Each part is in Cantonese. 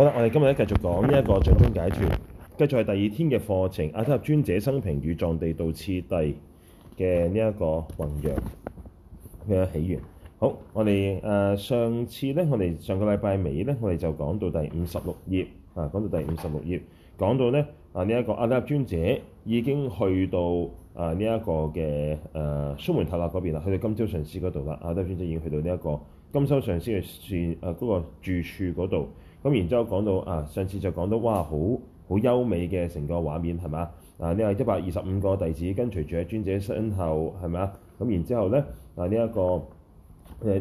好啦，我哋今日咧繼續講呢一個最終解脫。繼續係第二天嘅課程，阿德拉尊者生平與藏地道次第嘅呢一個宏揚嘅起源。好，我哋誒、呃、上次咧，我哋上個禮拜尾咧，我哋就講到第五十六頁啊，講到第五十六頁，講到咧啊呢一個阿德拉尊者已經去到啊呢一、這個嘅誒蘇門答臘嗰邊啦，去到金洲上師嗰度啦。阿德拉尊者已經去到呢、這、一個金洲上師嘅住誒嗰個住處嗰度。咁然之後講到啊，上次就講到哇，好好優美嘅成個畫面係嘛？啊，呢一百二十五個弟子跟隨住喺尊者身後係咪啊？咁然之後咧啊，呢一個誒，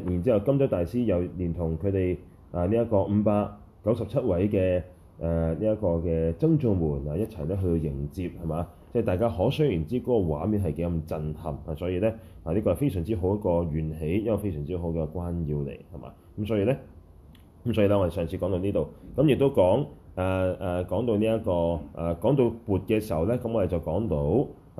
然之後金洲大師又連同佢哋啊、這個啊這個、一呢一個五百九十七位嘅誒呢一個嘅僧眾們啊一齊咧去迎接係嘛？即係大家可想而知嗰個畫面係幾咁震撼啊，所以咧啊呢、這個係非常之好一個緣起，一個非常之好嘅關要嚟係嘛？咁所以咧。咁所以咧，我哋上次講到呢度，咁亦都講誒誒講到呢、這、一個誒講、啊、到缽嘅時候咧，咁我哋就講到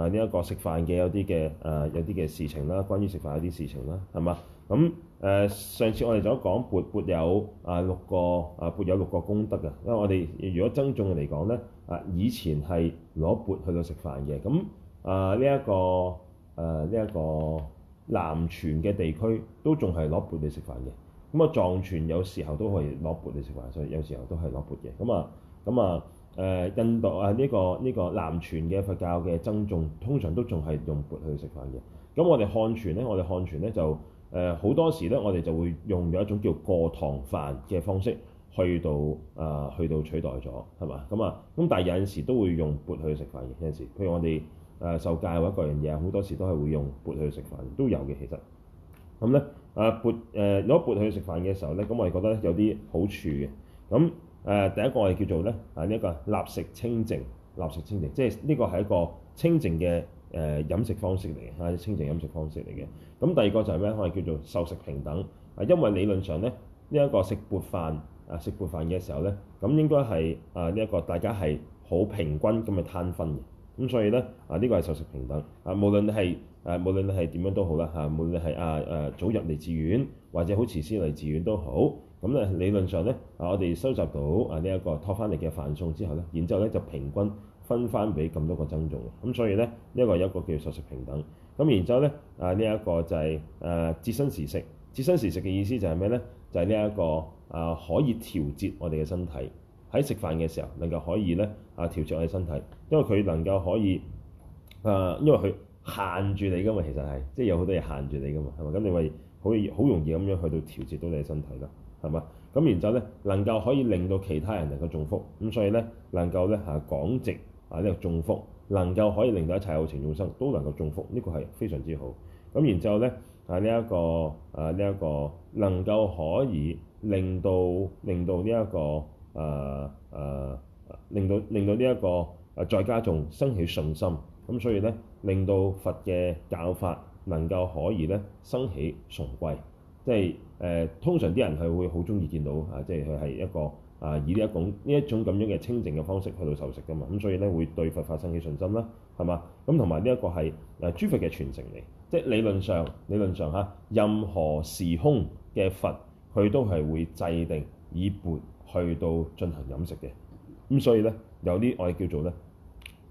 誒呢一個食飯嘅有啲嘅誒有啲嘅事情啦，關於食飯有啲事情啦，係嘛？咁誒、啊、上次我哋就講缽缽有啊有六個啊缽有六個功德嘅，因為我哋如果僧眾嚟講咧，啊以前係攞缽去到食飯嘅，咁啊呢一、這個誒呢一個南傳嘅地區都仲係攞缽嚟食飯嘅。咁啊，藏傳有時候都可以攞缽嚟食飯，所以有時候都係攞缽嘅。咁、嗯、啊，咁啊，誒，印度啊，呢、這個呢、這個南傳嘅佛教嘅僧眾，通常都仲係用缽去食飯嘅。咁、嗯、我哋漢傳咧，我哋漢傳咧就誒好、呃、多時咧，我哋就會用咗一種叫做過堂飯嘅方式去到啊、呃，去到取代咗，係嘛？咁、嗯、啊，咁、嗯、但係有陣時都會用缽去食飯嘅，有陣時，譬如我哋誒受戒或者個人嘢，好多時都係會用缽去食飯，都有嘅其實。咁、嗯、咧？嗯啊撥誒、呃，如果缽去食飯嘅時候咧，咁我哋覺得有啲好處嘅。咁誒、呃，第一個我哋叫做咧啊呢一個立食清淨，立食清淨，即係呢個係一個清淨嘅誒、呃、飲食方式嚟，係、啊、清淨飲食方式嚟嘅。咁第二個就係咩？我哋叫做受食平等啊，因為理論上咧呢一、這個食缽飯啊食缽飯嘅時候咧，咁應該係啊呢一、這個大家係好平均咁去攤分嘅。咁所以咧啊，呢個係素食平等啊。無論你係誒，無論你係點樣都好啦嚇，無論係啊誒早入嚟住院或者好遲先嚟住院都好，咁、啊、咧理論上咧啊，我哋收集到啊呢一、這個托翻嚟嘅飯餸之後咧，然之後咧就平均分翻俾咁多個僧眾咁、啊、所以咧呢一、這個有一個叫素食平等。咁然之後咧啊，呢一、啊這個就係誒節身時食。節身時食嘅意思就係咩咧？就係呢一個啊可以調節我哋嘅身體喺食飯嘅時候，能夠可以咧啊調節我哋身體。因為佢能夠可以誒、呃，因為佢限住你㗎嘛，其實係即係有好多嘢限住你㗎嘛，係嘛？咁你咪好好容易咁樣去到調節到你嘅身體啦，係嘛？咁然之後咧，能夠可以令到其他人能夠中福咁，所以咧能夠咧嚇廣直啊呢、啊這個中福能夠可以令到一切有情眾生都能夠中福，呢、這個係非常之好。咁然之後咧啊呢一、這個啊呢一、這個、啊這個、能夠可以令到令到呢、這、一個誒誒、啊啊、令到令到呢、這、一個。再加重生起信心，咁所以咧，令到佛嘅教法能夠可以咧生起崇貴，即係誒、呃，通常啲人係會好中意見到啊，即係佢係一個啊、呃，以呢一種呢一種咁樣嘅清淨嘅方式去到受食噶嘛，咁所以咧會對佛法生起信心啦，係嘛？咁同埋呢一個係誒，諸佛嘅傳承嚟，即係理論上理論上嚇，任何時空嘅佛佢都係會制定以缽去到進行飲食嘅，咁所以咧有啲我哋叫做咧。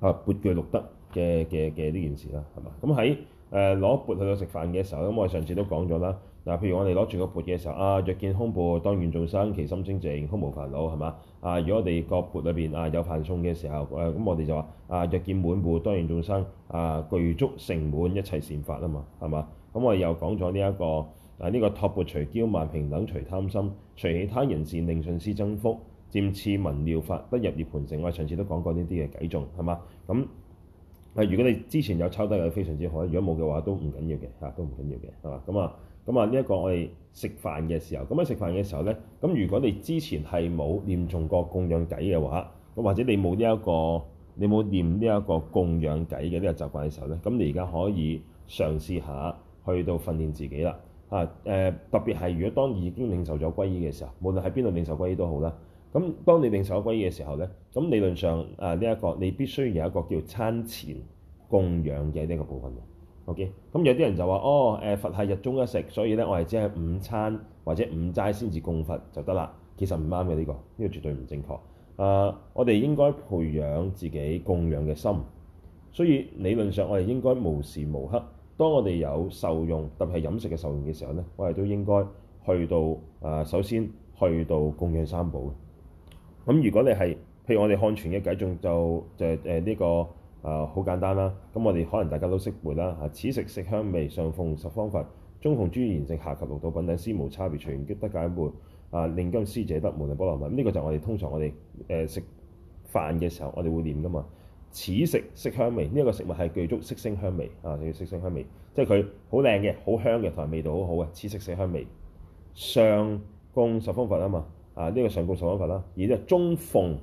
啊！缽具六德嘅嘅嘅呢件事啦，係嘛？咁喺誒攞缽去到食飯嘅時候，咁我哋上次都講咗啦。嗱，譬如我哋攞住個缽嘅時候，啊，若見空缽，當願眾生其心清淨，空無煩惱，係嘛？啊，如果我哋個缽裏邊啊有飯餸嘅時候，誒、啊，咁我哋就話啊，若見滿缽，當願眾生啊，具足盛滿，一切善法啊嘛，係嘛？咁我哋又講咗呢一個啊，呢、這個托缽除嬌慢，平等除貪心，除其他人善，令信施增福。漸次聞妙法，得入涅盤城。我上次都講過呢啲嘅偈，重係嘛咁？誒，如果你之前有抽得，嘅，非常之好；，如果冇嘅話，都唔緊要嘅嚇，都唔緊要嘅係嘛咁啊咁啊！呢、這、一個我哋食飯嘅時候，咁喺食飯嘅時候咧，咁如果你之前係冇念眾覺供養偈嘅話，咁或者你冇呢一個你冇念呢一個供養偈嘅呢個習慣嘅時候咧，咁你而家可以嘗試下去到訓練自己啦嚇誒。特別係如果當已經領受咗皈依嘅時候，無論喺邊度領受皈依都好啦。咁當你定守規嘅時候咧，咁理論上啊呢一個你必須有一個叫餐前供養嘅呢個部分。OK，咁有啲人就話，哦，誒佛係日中一食，所以咧我係只係午餐或者午齋先至供佛就得啦。其實唔啱嘅呢個，呢個絕對唔正確。啊，我哋應該培養自己供養嘅心，所以理論上我哋應該無時無刻，當我哋有受用，特別係飲食嘅受用嘅時候咧，我哋都應該去到啊，首先去到供養三寶。咁如果你係，譬如我哋漢傳嘅偈頌，就就係誒呢個啊，好、呃、簡單啦。咁我哋可能大家都識背啦嚇。此食色香味，上奉十方佛，中奉諸賢聖，下及六道品等，施無差別，隨緣皆得解門啊，令今施者得無量波羅蜜。呢、這個就我哋通常我哋誒、呃、食飯嘅時候，我哋會念噶嘛。此食色香味，呢、這、一個食物係具足色聲香味啊，要色聲香味，即係佢好靚嘅，好香嘅，同埋味道好好嘅。此食色香味，上供十方佛啊嘛。啊！呢、這個上供十方佛啦，而即係中奉、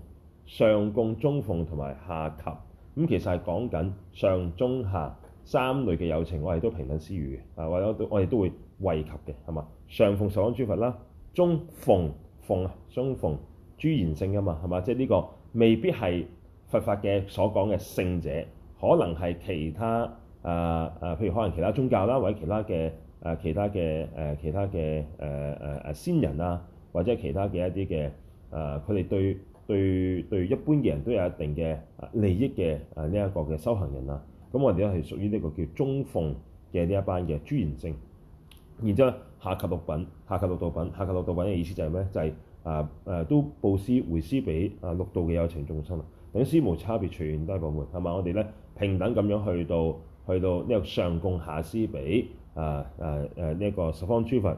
上供、中奉同埋下及，咁其實係講緊上、中、下三類嘅有情，我哋都平等施予嘅。啊，或者我哋都會惠及嘅，係嘛？上供十方諸佛啦，中奉奉啊，中奉諸賢聖啊嘛，係嘛？即係呢個未必係佛法嘅所講嘅聖者，可能係其他啊啊、呃，譬如可能其他宗教啦，或者其他嘅啊，其他嘅誒，其他嘅誒誒誒仙人啊。或者其他嘅一啲嘅誒，佢、呃、哋對對對一般嘅人都有一定嘅利益嘅誒呢一個嘅修行人啊。咁、嗯、我哋都係屬於呢個叫中奉嘅呢一班嘅諸賢聖。然之後下級六品，下級六道品，下級六道品嘅意思就係、是、咩？就係誒誒都布施回施俾啊六道嘅有情眾生啊，等施無差別，全都佈滿，係嘛？我哋咧平等咁樣去到去到呢個上供下施俾誒誒誒呢一個十方諸佛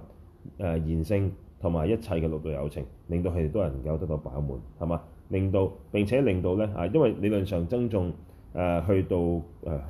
誒賢聖。同埋一切嘅六道有情，令到佢哋都能夠得到飽滿，係嘛？令到並且令到咧啊，因為理論上僧眾誒、呃、去到誒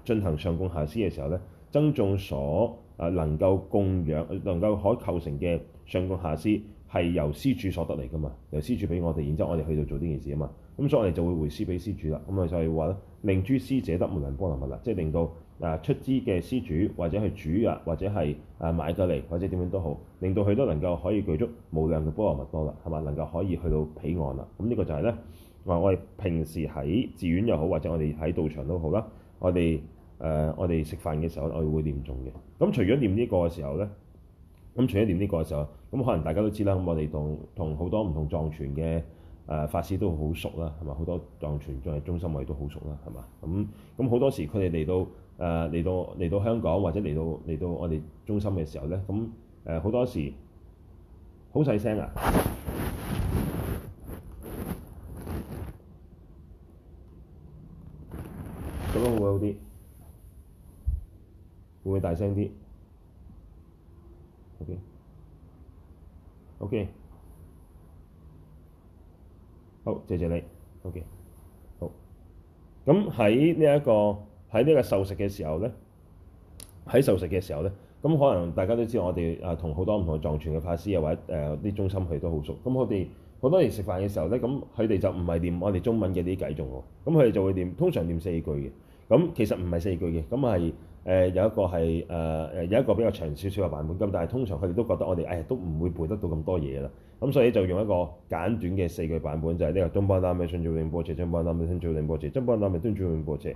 進行上供下施嘅時候咧，僧眾所誒能夠供養、能夠可構成嘅上供下施係由施主所得嚟㗎嘛，由施主俾我哋，然之後我哋去到做呢件事啊嘛，咁所以我哋就會回施俾施主啦。咁啊就係話令諸施者得無量波羅蜜啦，即係令到。誒、啊、出資嘅施主，或者係主啊，或者係誒、啊、買咗嚟，或者點樣都好，令到佢都能夠可以具足無量嘅波羅蜜多啦，係嘛？能夠可以去到彼岸啦。咁呢個就係咧，話我哋平時喺寺院又好，或者我哋喺道場都好啦，我哋誒、呃、我哋食飯嘅時候，我哋會念誦嘅。咁除咗念呢個嘅時候咧，咁除咗念呢個嘅時候，咁可能大家都知啦，咁我哋同同好多唔同藏傳嘅誒、呃、法師都好熟啦，係嘛？好多藏傳嘅中心我哋都好熟啦，係嘛？咁咁好多時佢哋嚟到。誒，嚟到，嚟到香港，或者嚟到，嚟到我哋中心嘅時候咧，咁誒好多時好細聲啊，咁樣 會唔會好啲？會唔會大聲啲？OK，OK，好，謝謝你。OK，好。咁喺呢一個。喺呢個受食嘅時候咧，喺受食嘅時候咧，咁可能大家都知道我哋啊，同好多唔同藏傳嘅法師又或者誒啲、呃、中心佢哋都好熟。咁我哋好多人食飯嘅時候咧，咁佢哋就唔係念我哋中文嘅啲偈頌喎。咁佢哋就會念通常念四句嘅。咁其實唔係四句嘅，咁係誒有一個係誒、呃、有一個比較長少少嘅版本，咁但係通常佢哋都覺得我哋誒都唔會背得到咁多嘢啦。咁所以就用一個簡短嘅四句版本，就係、是、呢、這個東巴拉咪春照永播切，東巴拉咪春照定波切，東巴拉咪春照定波切。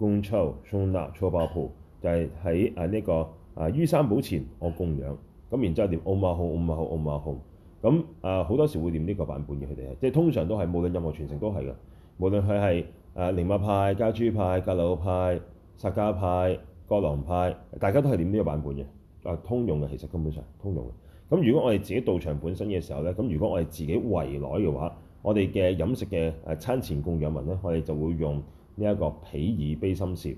供抽送納初八鋪，就係喺啊呢個啊於三寶前我供養，咁然之後點？奧、哦、馬好，奧、哦、馬好，奧、哦、馬好，咁啊好多時會念呢個版本嘅佢哋係，即係通常都係無論任何傳承都係嘅。無論佢係啊寧瑪派、噶舉派、格魯派、薩迦派、覺囊派，大家都係念呢個版本嘅啊通用嘅，其實根本上通用嘅。咁如果我哋自己道場本身嘅時候咧，咁如果我哋自己圍內嘅話，我哋嘅飲食嘅誒、啊、餐前供養文咧，我哋就會用。呢一個彼以悲心攝，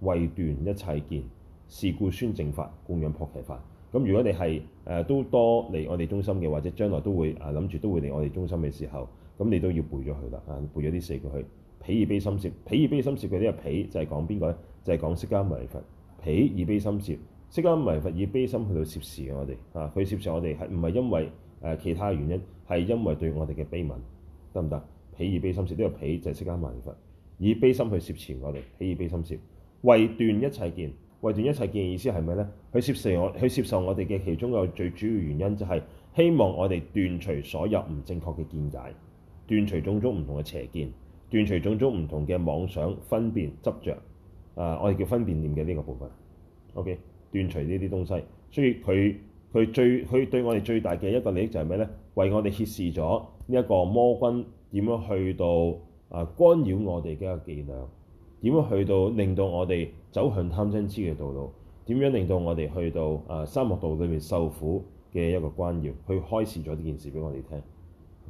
為斷一切見，是故宣正法，供養破其法。咁如果你係誒都多嚟我哋中心嘅，或者將來都會誒諗住都會嚟我哋中心嘅時候，咁你都要背咗佢啦。啊，背咗呢四句去。彼以悲心攝，彼以悲心攝，佢呢個彼就係講邊個咧？就係講釋迦牟尼佛。彼以悲心攝，釋迦牟尼佛以悲心去到攝事嘅我哋啊，佢攝事我哋係唔係因為誒其他嘅原因？係因為對我哋嘅悲憫得唔得？彼以悲心攝，呢個彼就係釋迦牟尼佛。以悲心去攝持我哋，希以悲心攝為斷一切見，為斷一切見嘅意思係咩呢？佢攝受，受我，佢攝受我哋嘅其中嘅最主要原因就係希望我哋斷除所有唔正確嘅見解，斷除種種唔同嘅邪見，斷除種種唔同嘅妄想、分辨、執着。啊、呃，我哋叫分辨念嘅呢個部分。O.K. 斷除呢啲東西，所以佢佢最佢對我哋最大嘅一個利益就係咩呢？為我哋揭示咗呢一個魔君點樣去到。啊！干擾我哋嘅一個伎倆，點樣去到令到我哋走向貪嗔痴嘅道路？點樣令到我哋去到啊沙漠道裏面受苦嘅一個關要？去開示咗呢件事俾我哋聽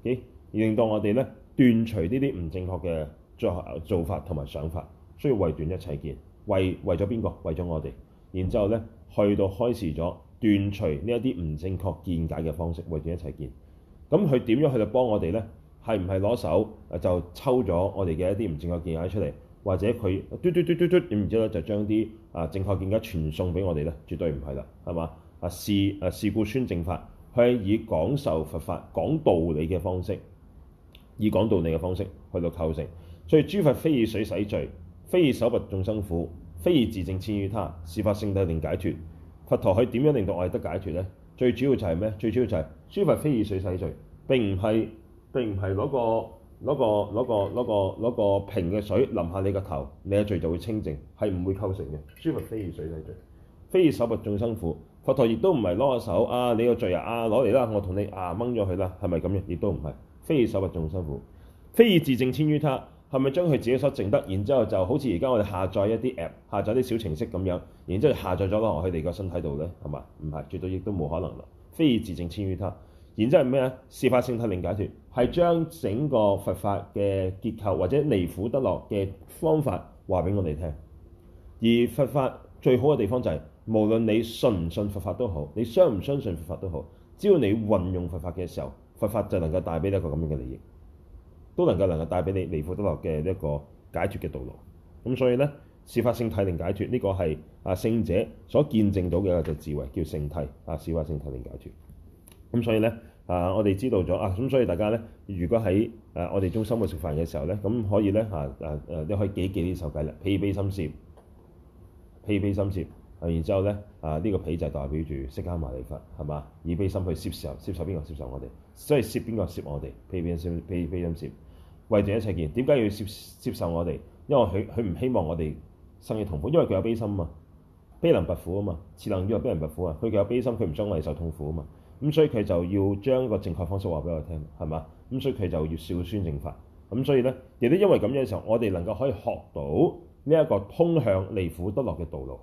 ，OK？令到我哋咧斷除呢啲唔正確嘅做做法同埋想法，所以為斷一切見，為為咗邊個？為咗我哋。然之後咧，去到開示咗斷除呢一啲唔正確見解嘅方式，為斷一切見。咁佢點樣去到幫我哋咧？係唔係攞手就抽咗我哋嘅一啲唔正確見解出嚟，或者佢嘟嘟嘟嘟嘟，點唔知咧就將啲啊正確見解傳送俾我哋咧？絕對唔係啦，係嘛啊？是啊是故宣正法，佢係以講受佛法講道理嘅方式，以講道理嘅方式，方式去到構成。所以諸佛非以水洗罪，非以手拔眾生苦，非以自證遷於他，是法性體令解脱。佛陀佢點樣令到我哋得解脱咧？最主要就係咩？最主要就係、是、諸佛非以水洗罪，並唔係。並唔係攞個攞個攞個攞個攞個瓶嘅水淋下你個頭，你嘅罪就會清淨，係唔會構成嘅。舒服非以水洗罪，非以手物重辛苦。佛陀亦都唔係攞個手啊，你個罪啊攞嚟啦，我同你啊掹咗佢啦，係咪咁樣？亦都唔係。非以手物重辛苦，非以自證遷於他，係咪將佢自己所證得？然之後就好似而家我哋下載一啲 app，下載啲小程式咁樣，然之後下載咗落去佢哋個身體度咧，係嘛？唔係，絕對亦都冇可能啦。非以自證遷於他。然之後係咩啊？事法性體定解脱係將整個佛法嘅結構或者離苦得樂嘅方法話俾我哋聽。而佛法最好嘅地方就係、是，無論你信唔信佛法都好，你相唔相信，信佛法都好，只要你運用佛法嘅時候，佛法就能夠帶俾你一個咁樣嘅利益，都能夠能夠帶俾你離苦得樂嘅一個解脱嘅道路。咁所以呢，事法性體定解脱呢、這個係啊聖者所見證到嘅一個智慧，叫聖體啊，事法性體定解脱。咁所以咧啊，我哋知道咗啊，咁所以大家咧，如果喺誒、啊、我哋中心去食飯嘅時候咧，咁可以咧啊誒誒，都、啊、可以記一記呢首偈啦。披悲心攝，披悲心攝啊，然之後咧啊，呢、這個披就代表住釋迦牟尼佛係嘛？以悲心去攝受，攝受邊個？攝受，受我哋，所以攝邊個？攝我哋。披悲心，披悲心攝，為著一切見，點解要攝攝受我哋？因為佢佢唔希望我哋生於痛苦，因為佢有悲心啊，悲能拔苦啊嘛，慈能與樂，悲能拔苦啊。佢有悲心，佢唔想我哋受痛苦啊嘛。咁所以佢就要將個正確方式話俾我哋聽，係嘛？咁所以佢就要宣說正法。咁所以呢，亦都因為咁樣嘅時候，我哋能夠可以學到呢一個通向離苦得樂嘅道路，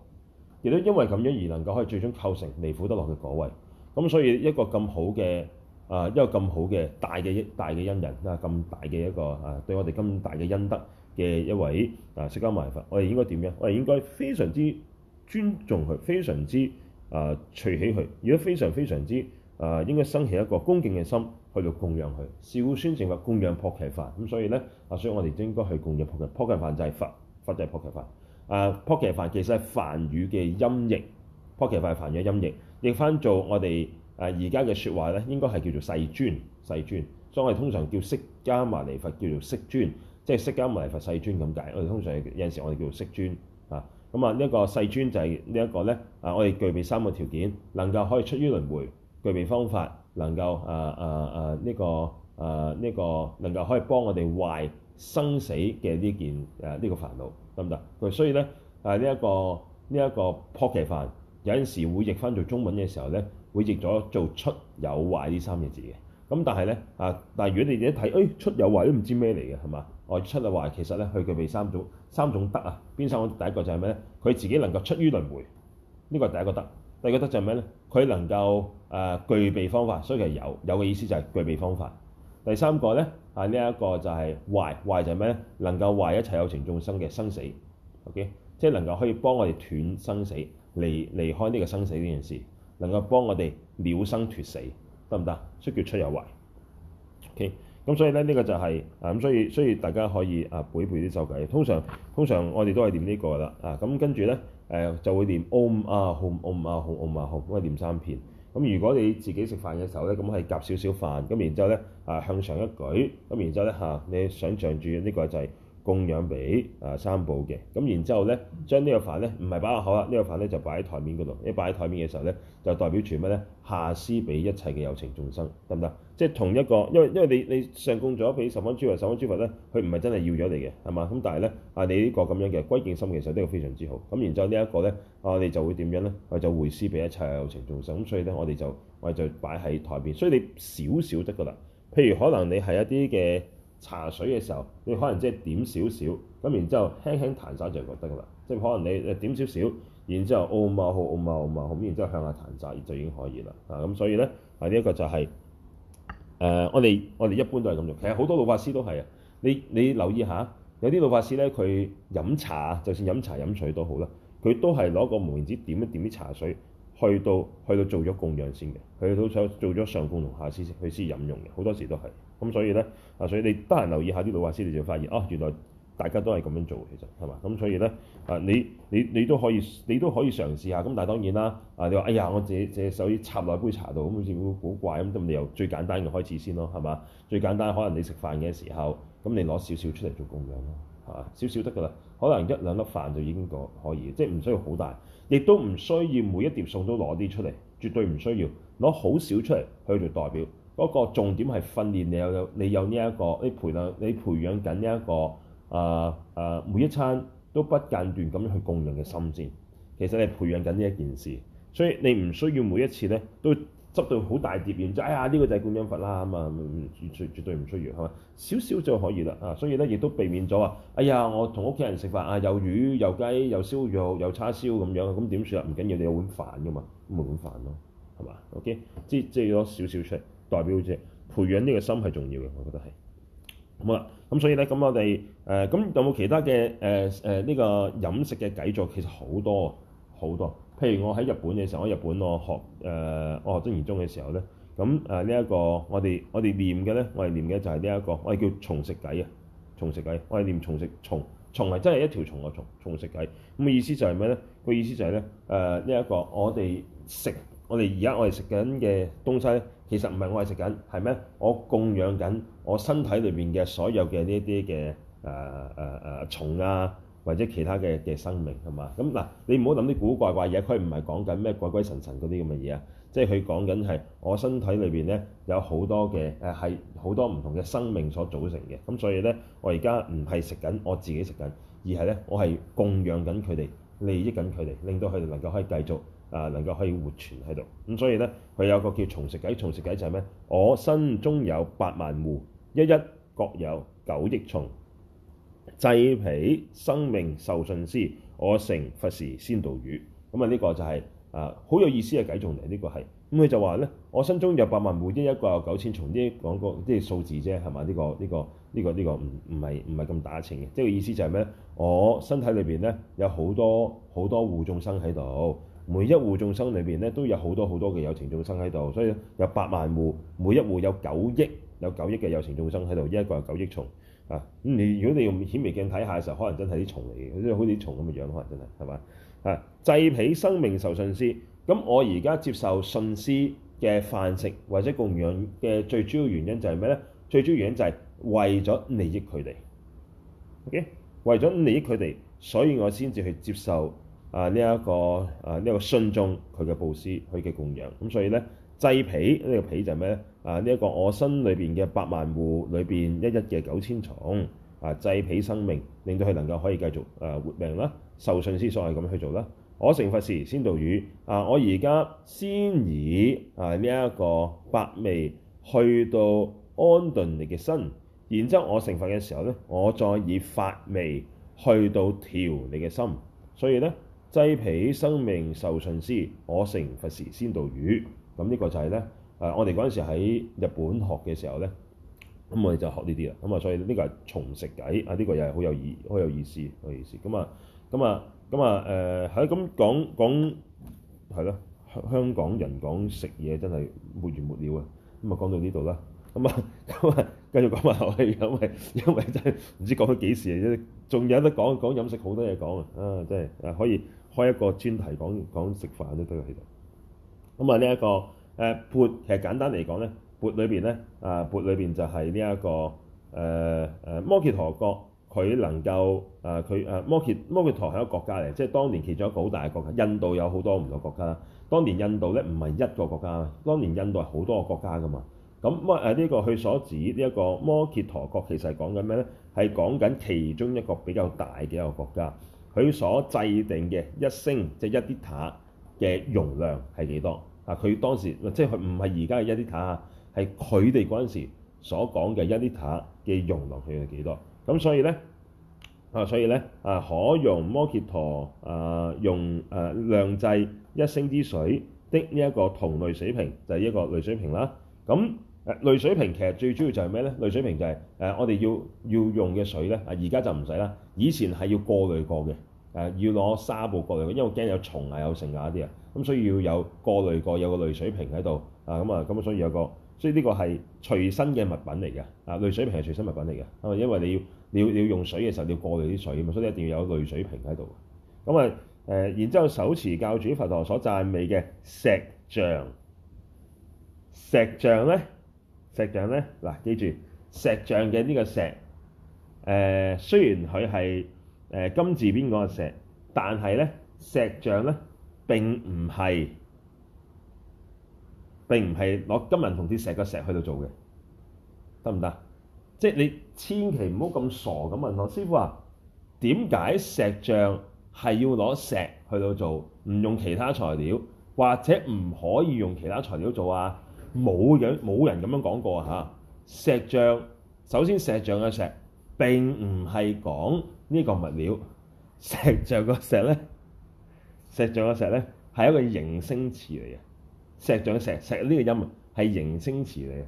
亦都因為咁樣而能夠可以最終構成離苦得樂嘅果位。咁所以一個咁好嘅啊、呃，一個咁好嘅大嘅大嘅恩人啊，咁大嘅一個啊，對我哋咁大嘅恩德嘅一位啊，釋迦牟尼佛，我哋應該點樣？我哋應該非常之尊重佢，非常之啊，隨、呃、喜佢，如果非常非常之。啊、呃，應該生起一個恭敬嘅心去到供養佢。少故宣淨佛供養薄伽梵咁，所以咧啊，所以我哋都應該去供養薄伽，薄伽梵就係佛，佛就係薄伽梵啊。薄伽梵其實係梵語嘅音譯，薄伽梵係梵語嘅音譯，譯翻做我哋啊而家嘅説話咧，應該係叫做世尊、世尊。所以我哋通常叫釋迦牟尼佛叫做釋尊，即係釋迦牟尼佛世尊咁解。我哋通常有陣時我哋叫做釋尊啊。咁啊，呢一個世尊就係呢一個咧啊，我哋具備三個條件，能夠可以出於輪迴。具備方法，能夠啊啊啊呢個啊呢、呃這個能夠可以幫我哋壞生死嘅呢件誒呢、啊這個煩惱得唔得？佢所以咧啊呢一、這個呢一、這個薄伽梵，有陣時會譯翻做中文嘅時候咧，會譯咗做出有壞呢三個字嘅。咁但係咧啊，但係如果你哋一睇，誒、哎、出有壞都唔知咩嚟嘅係嘛？我出有壞，其實咧佢具備三種三種德啊。邊三種？第一個就係咩咧？佢自己能夠出於輪迴，呢、這個係第一個德。第二個德就係咩咧？佢能夠誒、呃、具備方法，所以係有有嘅意思就係具備方法。第三個咧係呢一、啊呢個就係壞壞就係咩咧？能夠壞一切有情眾生嘅生死，OK，即係能夠可以幫我哋斷生死，離離開呢個生死呢件事，能夠幫我哋了生脫死，得唔得？所以叫出有壞，OK。咁所以咧呢、呢個就係、是、啊咁，所以所以大家可以啊背一背啲咒偈，通常通常我哋都係念、呢個啊啊、呢個啦啊咁跟住咧。誒、呃、就會念「嗡啊吽、嗡啊吽、嗡啊吽」咁樣念三遍。咁如果你自己食飯嘅時候咧，咁係夾少少飯，咁然之後咧啊向上一舉，咁然之後咧嚇、啊，你想象住呢個就係、是。供養俾啊三寶嘅，咁然之後咧，將呢個飯咧，唔係擺入口啦，呢個飯咧就擺喺台面嗰度。一擺喺台面嘅時候咧，就代表做乜咧？下施俾一切嘅有情眾生，得唔得？即係同一個，因為因為你你上供咗俾十方諸佛，十方諸佛咧，佢唔係真係要咗你嘅，係嘛？咁但係咧，啊你呢個咁樣嘅歸敬心其實，呢個非常之好。咁然之後呢一個咧，我哋就會點樣咧？我哋就回施俾一切有情眾生。咁所以咧，我哋就我哋就擺喺台面。所以你少少得噶啦。譬如可能你係一啲嘅。茶水嘅時候，你可能即係點少少，咁然之後輕輕彈曬就覺得噶啦，即係可能你誒點少少，然之後嗡阿吽嗡阿吽，咁、哦哦、然之後向下彈曬就已經可以啦。啊，咁所以呢，係呢一個就係、是、誒、呃，我哋我哋一般都係咁做。其實好多老法師都係啊，你你留意下，有啲老法師呢，佢飲茶就算飲茶飲水好都好啦，佢都係攞個無名指點一點啲茶水。去到去到做咗供養先嘅，佢都想做咗上供同下施先去先飲用嘅，好多時都係。咁、嗯、所以咧啊，所以你得閒留意下啲老話師，你就發現哦、啊，原來大家都係咁樣做嘅，其實係嘛。咁、嗯、所以咧啊，你你你都可以你都可以嘗試下。咁但係當然啦，啊你話哎呀，我自己自己手插落杯茶度，咁好似好古怪咁。咁你由最簡單嘅開始先咯，係嘛？最簡單可能你食飯嘅時候，咁你攞少少出嚟做供養咯，係、啊、嘛？少少得㗎啦，可能一兩粒飯就已經可可以，即係唔需要好大。亦都唔需要每一碟餸都攞啲出嚟，絕對唔需要，攞好少出嚟去做代表。嗰個重點係訓練你有有，你有呢、這、一個你培養，你培養緊呢一個啊啊、呃呃，每一餐都不間斷咁樣去供養嘅心先。其實你培養緊呢一件事，所以你唔需要每一次咧都。執到好大碟，然之後，哎呀，呢、這個就係觀音佛啦，咁啊，絕絕對唔需要，係嘛？少少就可以啦，啊，所以咧亦都避免咗啊，哎呀，我同屋企人食飯啊，有魚有雞有燒肉有叉燒咁樣，咁點算啊？唔緊要，你有碗飯噶嘛，都冇碗飯咯，係嘛？OK，即即係多少少出，代表即係培養呢個心係重要嘅，我覺得係。好啦，咁所以咧，咁我哋誒，咁、呃、有冇其他嘅誒誒呢個飲食嘅計作其實好多好多。譬如我喺日本嘅時候，喺日本我學誒、呃，我學生中二中嘅時候咧，咁誒呢一個我哋我哋唸嘅咧，我哋念嘅就係呢一個，我哋叫蟲食偈嘅，蟲食偈，我哋念蟲食、蟲食，蟲係真係一條蟲嘅蟲，蟲食偈。咁嘅意思就係咩咧？個意思就係咧誒呢一個我哋食我哋而家我哋食緊嘅東西咧，其實唔係我哋食緊，係咩？我供養緊我身體裏邊嘅所有嘅呢一啲嘅誒誒誒蟲啊！或者其他嘅嘅生命係嘛？咁嗱，你唔好諗啲古古怪怪嘢，佢唔係講緊咩鬼鬼神神嗰啲咁嘅嘢，即係佢講緊係我身體裏邊咧有好多嘅誒係好多唔同嘅生命所組成嘅，咁所以咧我而家唔係食緊我自己食緊，而係咧我係供養緊佢哋，利益緊佢哋，令到佢哋能夠可以繼續啊、呃、能夠可以活存喺度，咁所以咧佢有個叫蟲食鬼，蟲食鬼就係咩？我身中有八萬戶，一一各有九億蟲。祭皮生命受信施，我成佛時先度魚。咁啊，呢個就係、是、啊，好、呃、有意思嘅偈仲嚟。這個嗯、呢個係咁佢就話咧，我身中有百萬戶，一一個有九千蟲。啲講、這個即係數字啫，係、這、嘛、個？呢、這個呢、這個呢、這個呢個唔唔係唔係咁打情嘅。即、這、係、個、意思就係、是、咩我身體裏邊咧有好多好多戶眾生喺度，每一戶眾生裏邊咧都有好多好多嘅有情眾生喺度，所以有百萬戶，每一戶有九億有九億嘅有情眾生喺度，一一個有九億蟲。啊，咁你如果你用顯微鏡睇下嘅時候，可能真係啲蟲嚟嘅，即係好似啲蟲咁嘅樣，可能真係係咪啊。製皮生命受信施，咁我而家接受信施嘅飯食或者供養嘅最主要原因就係咩咧？最主要原因就係為咗利益佢哋。O.K. 為咗利益佢哋，所以我先至去接受啊呢一個啊呢個信眾佢嘅布施佢嘅供養。咁所以咧，製皮呢個皮就係咩咧？啊！呢、這、一個我身裏邊嘅百萬戶裏邊一一嘅九千蟲，啊，濟庇生命，令到佢能夠可以繼續啊活命啦，受盡思所謂咁樣去做啦、啊。我成佛時先度魚啊！我而家先以啊呢一、這個百味去到安頓你嘅身，然之後我成佛嘅時候呢，我再以法味去到調你嘅心。所以呢，濟庇生命受盡思，我成佛時先度魚。咁、啊、呢、這個就係呢。誒，我哋嗰陣時喺日本學嘅時候咧，咁我哋就學呢啲啊。咁啊，所以呢個係重食偈，啊，呢、這個又係好有意好有意思嘅意思。咁啊，咁啊，咁、呃、啊，誒，喺咁講講係咯，香香港人講食嘢真係沒完沒了啊。咁啊，講到呢度啦，咁、嗯、啊，咁啊，繼續講埋後嚟，因為因為真係唔知講咗幾時啊，仲有得講講飲食好多嘢講啊。啊，真係啊，可以開一個專題講講食飯都得嘅，其實咁啊，呢一、這個。誒缽、啊、其實簡單嚟講咧，缽裏邊咧啊缽裏邊就係呢一個誒誒、呃啊、摩揭陀國，佢能夠啊佢誒摩揭摩揭陀係一個國家嚟，即係當年其中一個好大嘅國家。印度有好多唔同國家啦，當年印度咧唔係一個國家，當年印度係好多個國家㗎嘛。咁摩誒呢個佢所指呢一、這個摩揭陀國其實係講緊咩咧？係講緊其中一個比較大嘅一個國家，佢所制定嘅一升，即、就、係、是、一啲塔嘅容量係幾多？佢當時，即係佢唔係而家嘅一啲塔，係佢哋嗰陣時所講嘅一啲塔嘅容量係幾多？咁所以咧，啊所以咧，啊可用摩揭陀啊、呃、用啊、呃、量制一升之水的呢一個銅濾水瓶，就係、是、一個濾水瓶啦。咁誒濾水瓶其實最主要就係咩咧？濾水瓶就係、是、誒、呃、我哋要要用嘅水咧。啊而家就唔使啦，以前係要過濾過嘅，誒、呃、要攞沙布過濾過，因為驚有蟲啊、有剩啊啲啊。咁所以要有過濾過有個濾水瓶喺度，啊咁啊咁啊所以有個，所以呢個係隨身嘅物品嚟嘅，啊濾水瓶係隨身物品嚟嘅，係、啊、咪因為你要你要你要用水嘅時候你要過濾啲水，所以一定要有濾水瓶喺度。咁啊誒、啊，然之後手持教主佛陀佛所讚美嘅錫杖，錫杖咧，錫杖咧，嗱、啊、記住錫杖嘅呢個錫，誒、啊、雖然佢係誒金字邊嗰個錫，但係咧錫杖咧。並唔係，並唔係攞金銀同啲石嘅石去到做嘅，得唔得？即係你千祈唔好咁傻咁問我師傅啊，點解石像係要攞石去到做，唔用其他材料，或者唔可以用其他材料做啊？冇樣冇人咁樣講過啊嚇！石像首先石像嘅石並唔係講呢個物料，石像嘅石咧。錫杖嘅錫咧係一個形聲詞嚟嘅，錫杖嘅錫，錫呢個音啊係形聲詞嚟嘅。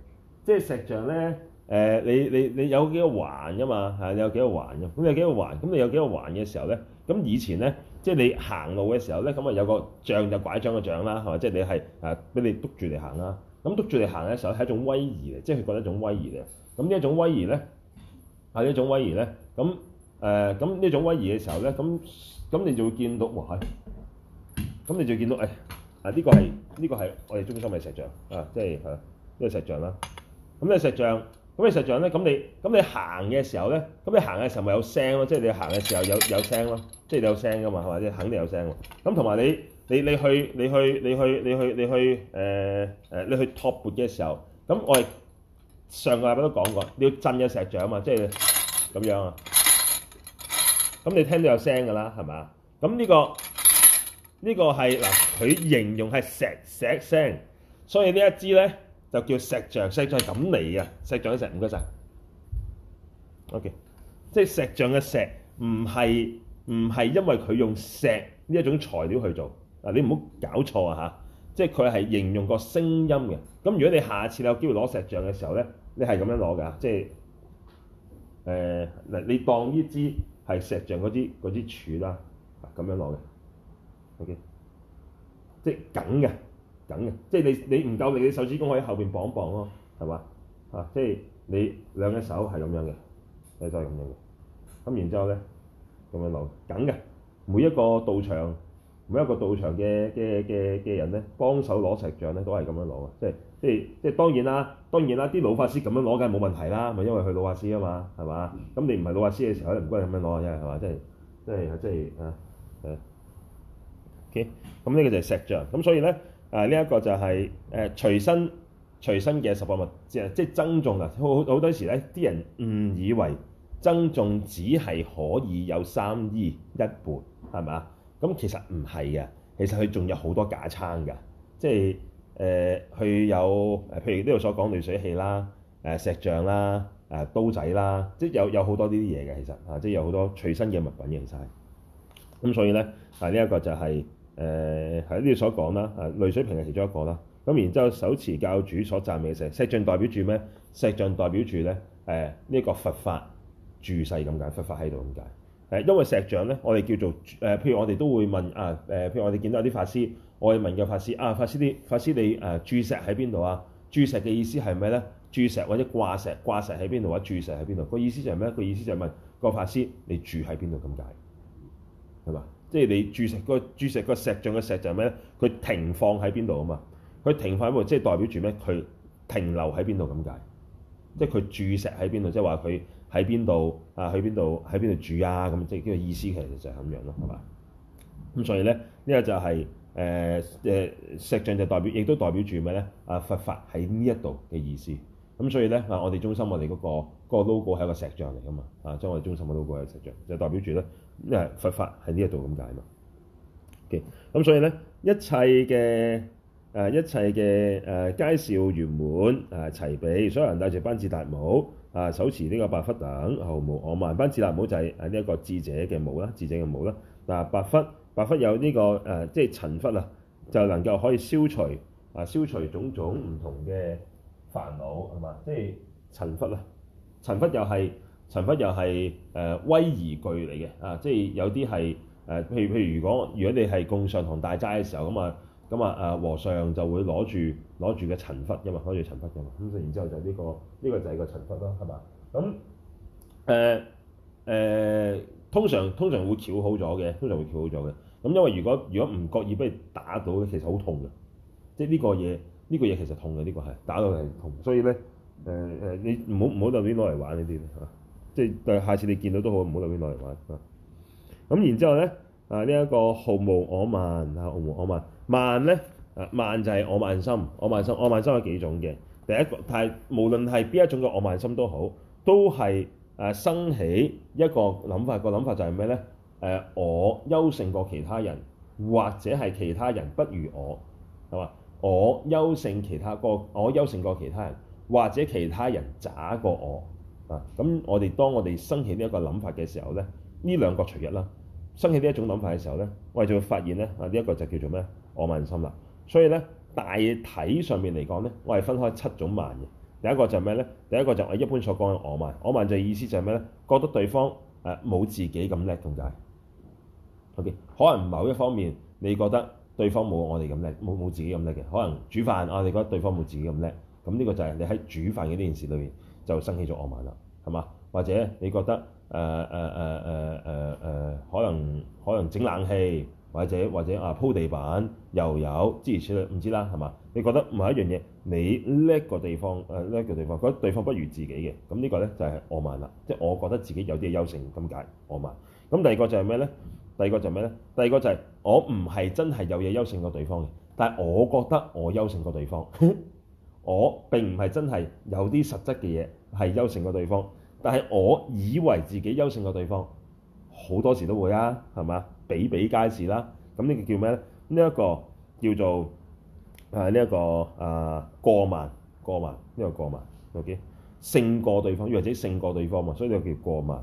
即係錫杖咧，誒、呃、你你你有幾個環噶嘛？係啊，有幾個環㗎。咁有幾個環，咁你有幾個環嘅時候咧，咁以前咧，即係你行路嘅時候咧，咁啊有個杖，就拐杖嘅杖啦，係嘛？即係你係誒俾你篤住嚟行啦。咁篤住嚟行嘅時候咧係一種威儀嚟，即係佢覺得一種威儀嚟。咁呢一種威儀咧係一種威儀咧。咁誒咁呢一種威儀嘅時候咧，咁咁你就會見到哇！咁你就見到誒啊！呢個係呢個係我哋中心嘅錫杖啊，即係係咯，呢個錫杖啦。咁呢錫杖，咁呢錫杖咧，咁你咁你行嘅時候咧，咁你行嘅時候咪有聲咯，即係你行嘅時候有有聲咯，即係你有聲噶嘛，係咪先？肯定有聲。咁同埋你你你去你去你去你去你去誒誒，你去托缽嘅時候，咁我哋上個禮拜都講過，你要震嘅錫杖嘛，即係咁樣啊。咁你聽到有聲噶啦，係咪啊？咁呢個。呢個係嗱，佢形容係錫錫聲，所以呢一支咧就叫錫杖，就係咁嚟嘅。錫杖，錫，像錫，唔該晒。OK，即係錫杖嘅錫唔係唔係因為佢用錫呢一種材料去做嗱，你唔好搞錯啊吓，即係佢係形容個聲音嘅。咁如果你下次你有機會攞錫杖嘅時候咧，你係咁樣攞㗎，即係誒嗱，你當呢支係錫杖嗰支柱啦，咁樣攞嘅。O.K.，即係緊嘅，緊嘅，即係你你唔夠力，你嘅手指公可以後邊綁一綁咯，係嘛？嚇，即係你兩隻手係咁樣嘅，係就係、是、咁樣嘅。咁然之後咧，咁樣攞緊嘅，每一個道場，每一個道場嘅嘅嘅嘅人咧，幫手攞石像咧，都係咁樣攞嘅，即係即係即係當然啦，當然啦，啲老法師咁樣攞梗係冇問題啦，咪因為佢老法師啊嘛，係嘛？咁你唔係老法師嘅時候，你可能唔該咁樣攞嘅，係嘛？即係即係即係啊，誒。OK，咁呢個就係錫杖咁，所以咧誒呢一、呃這個就係、是、誒、呃、隨身隨身嘅十個物，即係即係增重啦。好好多時咧，啲人誤以為增重只係可以有三衣一缽，係咪？咁其實唔係嘅，其實佢仲有好多傢撐㗎，即係誒佢有誒，譬如呢度所講濾水器啦、誒、呃、錫杖啦、誒、呃、刀仔啦，即係有有好多呢啲嘢嘅。其實啊，即係有好多隨身嘅物品嘅晒。西。咁、啊、所以咧，啊呢一個就係、是。誒係呢啲所講啦，啊濾水瓶係其中一個啦。咁然之後手持教主所讚美嘅錫杖，錫杖代表住咩？錫杖代表住咧誒呢個佛法住世咁解，佛法喺度咁解。誒因為錫杖咧，我哋叫做誒、呃，譬如我哋都會問啊誒、呃，譬如我哋見到啲法師，我哋問個法師啊，法師你法師你誒住錫喺邊度啊？住錫嘅意思係咩咧？住錫，住錫或者掛錫，掛錫喺邊度或者住錫喺邊度？個意思就係咩？個意思就係問、個法師你住喺邊度咁解，係嘛？即係你注石個鑄石個石像嘅石就係咩咧？佢停放喺邊度啊嘛？佢停放喺邊度，即係代表住咩？佢停留喺邊度咁解？即係佢注石喺邊度？即係話佢喺邊度啊？去邊度喺邊度住啊？咁即係呢個意思其實就係咁樣咯，係嘛、嗯？咁所以咧，呢個就係誒誒石像就代表，亦都代表住咩咧？啊，佛法喺呢一度嘅意思。咁所以咧啊，我哋中心我哋嗰、嗰個、嗰個 logo 係一個石像嚟噶嘛？啊，即係我哋中心嘅 logo 係石像，就是、代表住咧。咁佛法喺呢一度咁解嘛。咁所以咧，一切嘅誒一切嘅誒佳兆圓滿、誒、啊、齊備，所有人戴住班智達帽啊，手持呢個白拂等，毫無我慢。班智達帽就係呢一個智者嘅帽啦，智者嘅帽啦。嗱、啊，白拂白拂有呢、這個誒、啊，即係塵拂啦，就能夠可以消除啊，消除種種唔同嘅煩惱係嘛？即係塵拂啦，塵拂又係。塵拂又係誒、呃、威儀具嚟嘅啊，即係有啲係誒，譬如譬如如果如果你係共上堂大齋嘅時候咁啊咁啊，誒和尚就會攞住攞住嘅塵拂嘅嘛，攞住塵拂嘅嘛，咁然之後就呢、這個呢、這個就係個塵拂咯，係嘛？咁誒誒，通常通常會翹好咗嘅，通常會翹好咗嘅。咁因為如果如果唔覺意俾你打到，其實好痛嘅，即係呢個嘢呢、這個嘢其實痛嘅，呢、這個係打到係痛，所以咧誒誒，你唔好唔好就亂攞嚟玩呢啲嚇。即係對，下次你見到都好，唔好留邊落嚟玩、嗯。啊！咁然之後咧，啊呢一個毫無我慢啊，毫無我慢，慢咧啊慢就係我慢心，我慢心，我慢心有幾種嘅。第一個，但係無論係邊一種嘅我慢心都好，都係誒、啊、生起一個諗法，個諗法就係咩咧？誒、啊、我優勝過其他人，或者係其他人不如我，係嘛？我優勝其他個，我優勝過其他人，或者其他人渣過我。啊，咁我哋當我哋生起呢一個諗法嘅時候咧，呢兩個隨一啦，生起呢一種諗法嘅時候咧，我哋就會發現咧啊，呢、這、一個就叫做咩？我慢心啦。所以咧，大體上面嚟講咧，我係分開七種慢嘅。第一個就係咩咧？第一個就我一般所講嘅我慢。我慢就意思就係咩咧？覺得對方誒冇、呃、自己咁叻咁就係。OK，可能某一方面你覺得對方冇我哋咁叻，冇冇自己咁叻嘅，可能煮飯啊，你覺得對方冇自己咁叻，咁呢個就係你喺煮飯嘅呢件事裏面。就生起咗傲慢啦，係嘛？或者你覺得誒誒誒誒誒誒，可能可能整冷氣，或者或者啊鋪地板又有，諸如此類，唔知啦，係嘛？你覺得唔係一樣嘢，你叻個地方誒叻、呃這個地方，覺得對方不如自己嘅，咁、這個、呢個咧就係、是、傲慢啦。即係我覺得自己有啲嘢優勝，咁解傲慢。咁第二個就係咩咧？第二個就係咩咧？第二個就係、是、我唔係真係有嘢優勝過對方嘅，但係我覺得我優勝過對方。 我並唔係真係有啲實質嘅嘢係優勝過對方，但係我以為自己優勝過對方，好多時都會啊，係嘛？比比皆是啦。咁呢個叫咩咧？呢、這、一個叫做誒呢一個啊過慢過慢，呢個過慢 OK 勝過對方，或者勝過對方嘛，所以呢個叫過慢。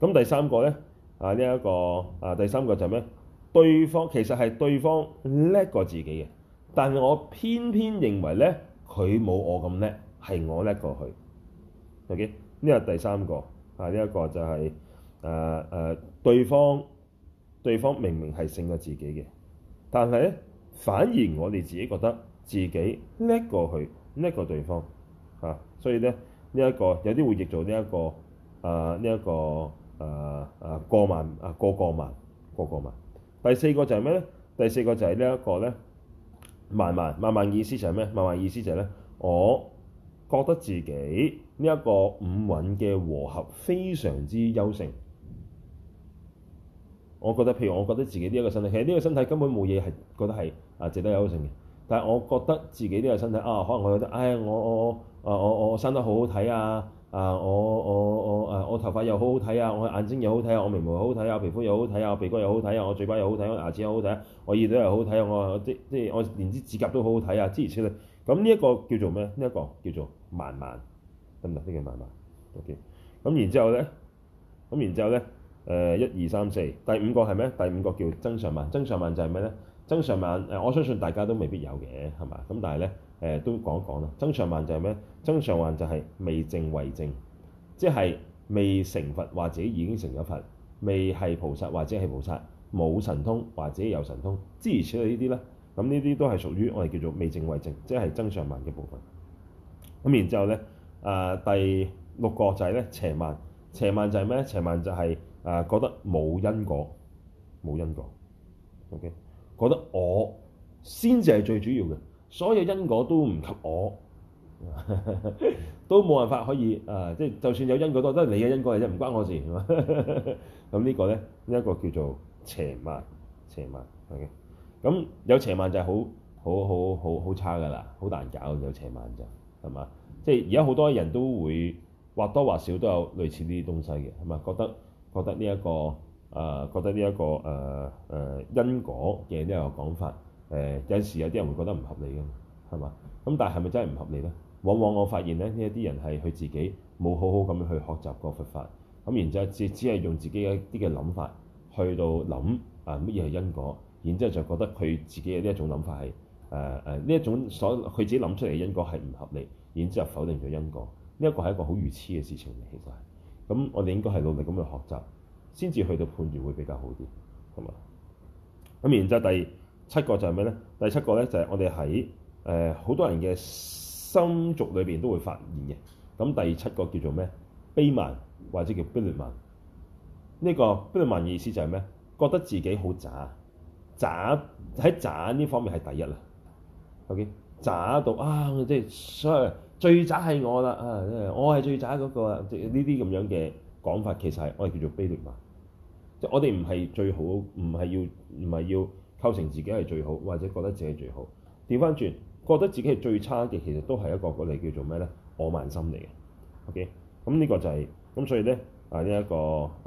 咁第三個咧、這個、啊呢一個啊，第三個就係咩？對方其實係對方叻過自己嘅，但係我偏偏認為咧。佢冇我咁叻，係我叻過佢。OK，呢個第三個啊，呢、這、一個就係誒誒對方對方明明係勝過自己嘅，但係咧反而我哋自己覺得自己叻過佢，叻過對方嚇、啊。所以咧呢一、這個有啲會譯做呢、這、一個誒呢一個誒誒、呃啊、過萬啊過過萬，過過萬，過，過，萬過過萬。第四個就係咩咧？第四個就係呢一個咧。慢慢，慢慢意思就係咩？慢慢意思就係咧，我覺得自己呢一個五蘊嘅和合非常之優勝。我覺得譬如我覺得自己呢一個身體，其實呢個身體根本冇嘢係覺得係啊值得優勝嘅。但係我覺得自己呢個身體啊，可能我覺得唉、哎，我我啊我我，我生得好好睇啊。啊！我我我誒、啊、我頭髮又好好睇啊！我眼睛又好睇啊！我眉毛又好好睇啊！我皮膚又好睇啊！鼻哥又好睇啊！我嘴巴又好睇、啊，我牙齒又好睇、啊。我耳朵又好睇啊！我即即我，我連啲指甲都好好睇啊！之餘，所以咁呢一個叫做咩？呢、這、一個叫做慢慢，得唔得呢叫慢慢。OK 咁然之後咧，咁然之後咧，誒一二三四，1, 2, 3, 4, 第五個係咩？第五個叫增上慢。增上慢就係咩咧？增上慢誒，我相信大家都未必有嘅，係嘛？咁但係咧。誒都講一講啦，增上慢就係咩？增上慢就係未證為證，即係未成佛，或者已經成咗佛，未係菩薩或者係菩薩，冇神通或者有神通，之如此類呢啲呢，咁呢啲都係屬於我哋叫做未證為證，即係增上慢嘅部分。咁然之後呢，誒第六個就係咧邪慢，邪慢就係咩？邪慢就係誒覺得冇因果，冇因果，OK，覺得我先至係最主要嘅。所有因果都唔及我， 都冇辦法可以啊！即、呃、係就算有因果都得，係你嘅因果嚟啫，唔關我事。咁 呢個咧，一、呢個叫做邪慢，邪慢係嘅。咁、okay? 有邪慢就係好好好好好差㗎啦，好難搞。有邪慢就係嘛，嗯、即係而家好多人都會或多或少都有類似呢啲東西嘅，係嘛？覺得覺得呢一個啊，覺得呢、這、一個誒誒、呃呢個呃呃、因果嘅呢一個講法。誒、呃、有時有啲人會覺得唔合理㗎嘛，係嘛？咁但係係咪真係唔合理咧？往往我發現咧呢一啲人係佢自己冇好好咁樣去學習過佛法，咁然之後只只係用自己一啲嘅諗法去到諗啊乜嘢係因果，然之後就覺得佢自己嘅呢一種諗法係誒誒呢一種所佢自己諗出嚟嘅因果係唔合理，然之後否定咗因果呢、這個、一個係一個好愚痴嘅事情嚟，其實係咁。我哋應該係努力咁去學習，先至去到判斷會比較好啲，係嘛？咁然之後第二。七個就係咩咧？第七個咧就係我哋喺誒好多人嘅心族裏邊都會發現嘅。咁、嗯、第七個叫做咩？卑慢或者叫卑劣慢。呢、這個卑劣慢嘅意思就係咩？覺得自己好渣，渣喺渣呢方面係第一啦。OK，渣到啊，即係所最渣係我啦啊！我係最渣嗰個啊！呢啲咁樣嘅講法其實係我哋叫做卑劣慢，即我哋唔係最好，唔係要唔係要。構成自己係最好，或者覺得自己最好，調翻轉覺得自己係最差嘅，其實都係一個我哋叫做咩咧？我慢心嚟嘅。OK，咁、嗯、呢、這個就係、是、咁，所以咧啊呢一個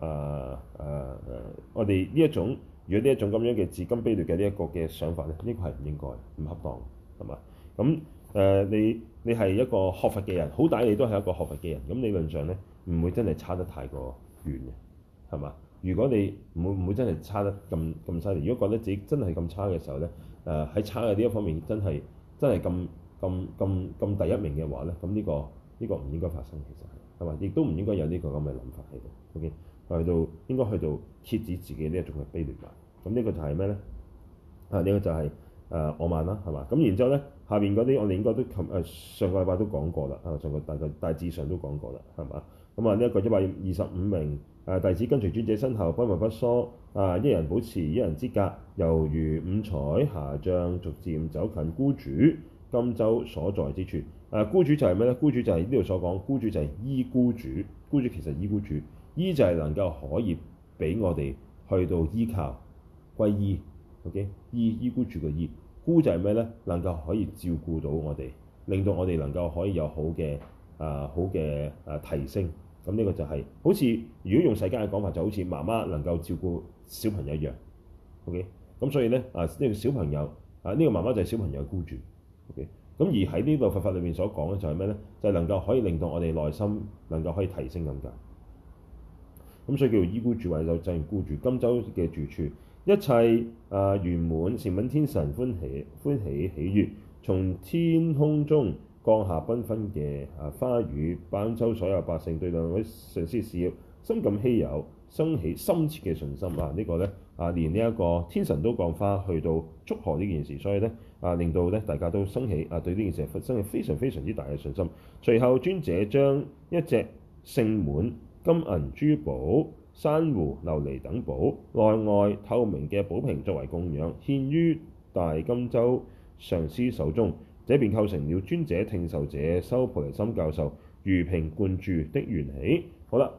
啊啊啊，我哋呢一種如果呢一種咁樣嘅自甘卑劣嘅呢一個嘅想法咧，呢、這個係唔應該、唔恰當，係嘛？咁、嗯、誒、呃，你你係一個學佛嘅人，好歹你都係一個學佛嘅人，咁理論上咧唔會真係差得太過遠嘅，係嘛？如果你唔會唔會真係差得咁咁犀利，如果覺得自己真係咁差嘅時候咧，誒、呃、喺差嘅呢一方面真係真係咁咁咁咁第一名嘅話咧，咁呢、呢個呢、呢個唔應該發生其實係，係嘛，亦都唔應該有呢個咁嘅諗法喺度。O.K. 但去到應該去到遏止自己呢種嘅卑劣慢，咁呢個就係咩咧？啊，呢、呢個就係誒我慢啦，係嘛？咁然之後咧，下邊嗰啲我哋應該都琴誒上個禮拜都講過啦，係上個大概大致上都講過啦，係嘛？咁啊呢一個一百二十五名。誒、啊、弟子跟隨尊者身後，不密不疏。啊，一人保持一人之隔，猶如五彩霞帳，逐漸走近怙主金洲所在之處。誒、啊，怙主就係咩呢？怙主就係呢度所講，怙主就係依怙主。怙主其實依怙主，依就係能夠可以俾我哋去到依靠、歸依。OK，依依怙主嘅依，怙就係咩呢？能夠可以照顧到我哋，令到我哋能夠可以有好嘅啊好嘅、啊、提升。咁呢個就係、是、好似如果用世間嘅講法，就好似媽媽能夠照顧小朋友一樣，OK。咁所以咧啊呢、這個小朋友啊呢、這個媽媽就係小朋友嘅怙主，OK。咁而喺呢個佛法裏面所講嘅就係咩咧？就係、是、能夠可以令到我哋內心能夠可以提升咁解。咁所以叫做依怙主，或者就係怙主金洲嘅住處，一切啊圓滿，善、呃、品天神歡喜歡喜喜悅，從天空中，降下繽紛嘅啊花雨，班州所有百姓對兩位上師事業深感稀有，生起深切嘅信心。啊，這個、呢個咧啊，連呢一個天神都降花去到祝賀呢件事，所以咧啊，令到咧大家都升起啊，對呢件事發生起非常非常之大嘅信心。隨後專將，尊者將一隻盛滿金銀珠寶、珊瑚、琉璃等寶內外透明嘅寶瓶作為供養，獻於大金洲上師手中。這便構成了尊者聽受者修菩提心教授如瓶灌注的緣起。好啦，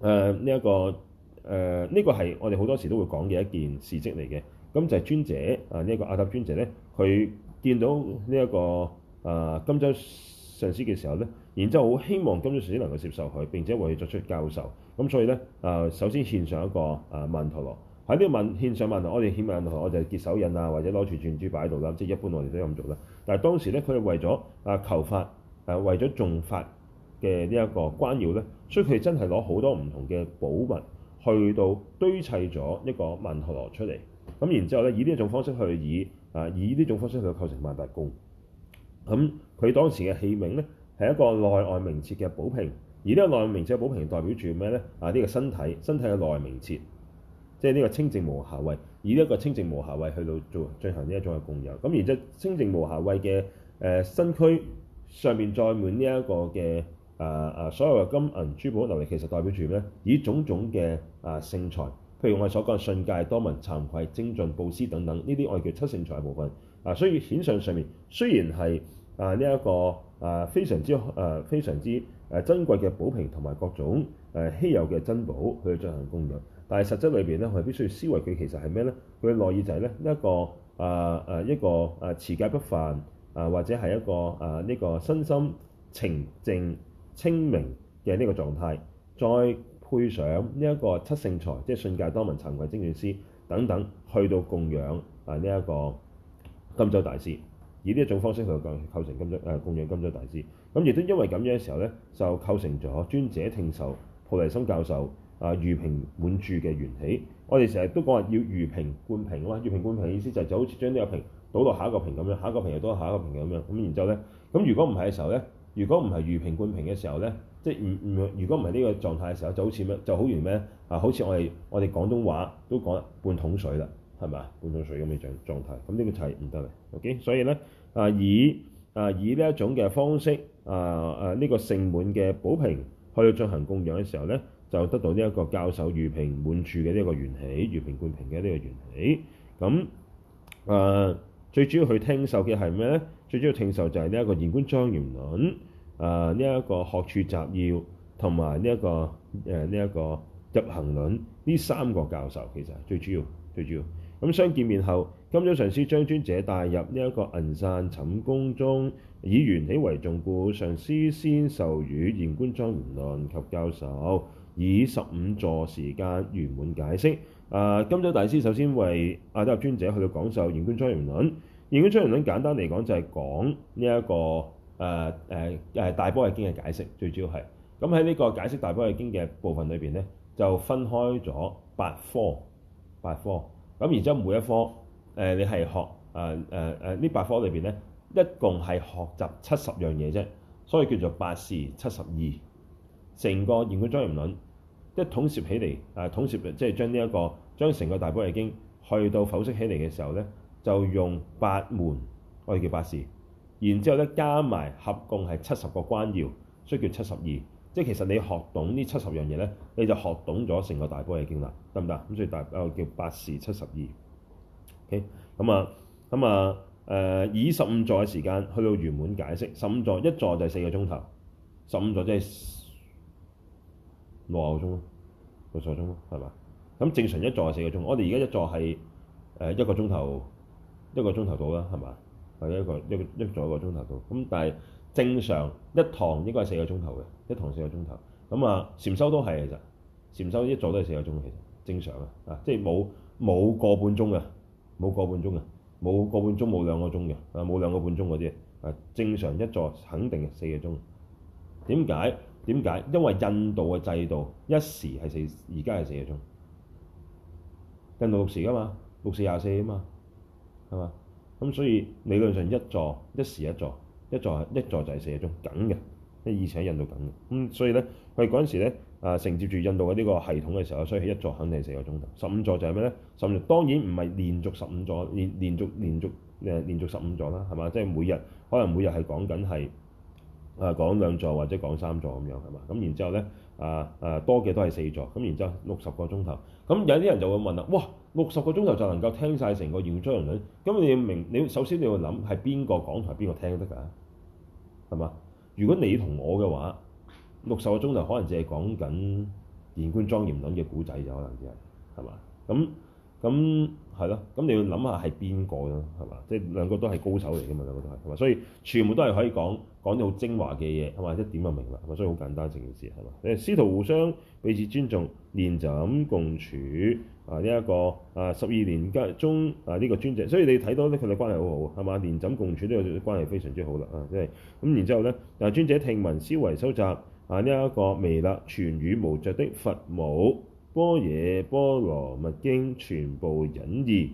誒呢一個誒呢、呃這個係我哋好多時都會講嘅一件事蹟嚟嘅。咁就係尊者啊呢一個阿達尊者咧，佢見到呢、這、一個啊金洲上師嘅時候咧，然之後好希望金洲上師能夠接受佢，並且為佢作出教授。咁所以咧啊、呃，首先獻上一個啊、呃、曼陀羅喺呢個曼獻上曼陀，我哋獻曼陀羅我就結手印啊，或者攞住轉珠擺喺度啦。即係一般我哋都咁做啦。但係當時咧，佢哋為咗啊求法，誒為咗重法嘅呢一個關要咧，所以佢哋真係攞好多唔同嘅寶物去到堆砌咗一個曼陀羅出嚟。咁然之後咧，以呢一種方式去以啊以呢種方式去構成萬達宮。咁、嗯、佢當時嘅器皿咧係一個內外明徹嘅寶瓶，而呢個內外明徹嘅寶瓶代表住咩咧？啊呢、呢個身體，身體嘅內明徹。即係呢個清淨無瑕位，以呢一個清淨無瑕位去到做進行呢一種嘅供養。咁然之後，清淨無瑕位嘅誒、呃、身軀上面載滿呢一個嘅啊啊，所有嘅金銀珠寶琉璃，其實代表住咩咧？以種種嘅啊聖財，譬如我哋所講嘅信戒、多聞、慚愧、精進、布施等等，呢啲我哋叫七聖財嘅部分啊、呃。所以顯相上面雖然係啊呢一個啊非常之啊、呃、非常之誒珍貴嘅寶瓶同埋各種誒稀有嘅珍寶去進行供養。但係實質裏邊咧，我係必須要思維佢其實係咩咧？佢內意就係咧呢一個啊啊、呃、一個啊持戒不犯啊、呃，或者係一個啊呢、呃、個身心澄靜清明嘅呢個狀態，再配上呢一個七聖財，即係信戒多聞、慚愧、精元師等等，去到供養啊呢一個金洲大師，以呢一種方式去構構成金洲、呃、供養金洲大師。咁亦都因為咁樣嘅時候咧，就構成咗尊者聽受菩提心教授。啊！如瓶滿注嘅緣起，我哋成日都講話要如瓶灌瓶啊嘛！如瓶灌瓶嘅意思就就好似將呢個瓶倒到下一個瓶咁樣，下一個瓶又倒下一個瓶咁樣。咁然之後咧，咁如果唔係嘅時候咧，如果唔係如瓶灌瓶嘅時候咧，即係唔唔，如果唔係呢個狀態嘅時候就，就好似咩就好如咩啊？好似我哋我哋廣東話都講啦，半桶水啦，係咪啊？半桶水咁嘅狀狀態，咁呢個就係唔得嘅。O.K. 所以咧啊，以啊以呢一種嘅方式啊啊呢、啊這個盛滿嘅寶瓶去到進行供養嘅時候咧。就得到呢一個教授如瓶滿注嘅呢一個緣起，如瓶灌瓶嘅呢個緣起。咁誒、呃、最主要去聽授嘅係咩咧？最主要聽授就係呢一個現觀莊嚴論、誒呢一個學處集要同埋呢一個誒呢一個入行論，呢三個教授其實最主要最主要。咁相見面後，金洲上師將尊者帶入呢一個銀傘寢宮中，以緣起為重故，上師先授予現觀莊嚴論及教授。以十五座時間圓滿解釋。誒、呃，金洲大師首先為阿底峽尊者去到講授《現觀莊嚴論》。《現觀莊嚴論》簡單嚟講就係講呢一個誒誒誒大般若經嘅解釋，最主要係。咁喺呢個解釋大般若經嘅部分裏邊咧，就分開咗八科，八科。咁然之後每一科誒、呃，你係學誒誒誒呢八科裏邊咧，一共係學習七十樣嘢啫，所以叫做八事七十二。成個《現觀莊嚴論》。一統攝起嚟，啊統攝即係將呢、這、一個將成個大部《般若經》去到剖析起嚟嘅時候咧，就用八門，我哋叫八事，然之後咧加埋合共係七十個關要，所以叫七十義。即係其實你學懂呢七十樣嘢咧，你就學懂咗成個大部《般若經》啦，得唔得？咁所以大啊叫八事七十義。OK，咁、嗯、啊，咁、嗯、啊，誒、嗯嗯、以十五座嘅時間去到圓滿解釋十五座，一座就係四個鐘頭，十五座即係。六啊個鐘咯，六個鐘咯，係嘛？咁正常一座係四個鐘，我哋而家一座係誒一個鐘頭，一個鐘頭到啦，係嘛？係一個一個一座一個鐘頭到，咁但係正常一堂應該係四個鐘頭嘅，一堂四個鐘頭。咁啊，禪修都係其實，禪修一坐都係四個鐘其實正常啊，啊即係冇冇個半鐘啊。冇個半鐘啊。冇個半鐘冇兩個鐘嘅，啊冇兩個半鐘嗰啲啊，正常一坐肯定係四個鐘。點解？點解？因為印度嘅制度一時係四，而家係四個鐘。印度六時㗎嘛，六四廿四啊嘛，係嘛？咁所以理論上一座一時一座，一座係一座就係四個鐘梗嘅，即係以前喺印度梗嘅。咁、嗯、所以咧，佢哋嗰陣時咧啊、呃，承接住印度嘅呢個系統嘅時候，所以一座肯定係四個鐘頭。十五座就係咩咧？十五座當然唔係連續十五座，連連續連續誒、呃、連續十五座啦，係嘛？即係每日可能每日係講緊係。誒、啊、講兩座或者講三座咁樣係嘛？咁然之後咧，啊啊多嘅都係四座咁。然之後六十個鐘頭，咁、嗯、有啲人就會問啦：哇，六十個鐘頭就能夠聽晒成個現觀莊嚴論？咁你明？你首先你要諗係邊個講同係邊個聽得㗎？係嘛？如果你同我嘅話，六十個鐘頭可能淨係講緊現觀莊嚴論嘅古仔就可能啲人係嘛？咁咁。嗯嗯係咯，咁你要諗下係邊個咯，係嘛？即係兩個都係高手嚟嘅嘛，兩個都係，係嘛？所以全部都係可以講講啲好精華嘅嘢，係嘛？一點就明啦，係嘛？所以好簡單，成件事係嘛？誒，師徒互相彼此尊重，連枕共處啊！呢、這、一個啊，十二年間中啊，呢、這個尊者，所以你睇到咧，佢哋關係好好啊，係嘛？連枕共處都有關係非常之好啦啊，即係咁。然之後咧，啊尊者聽聞思維修習啊，呢、這、一個彌勒傳與無著的佛母。般若波羅蜜經全部隱義。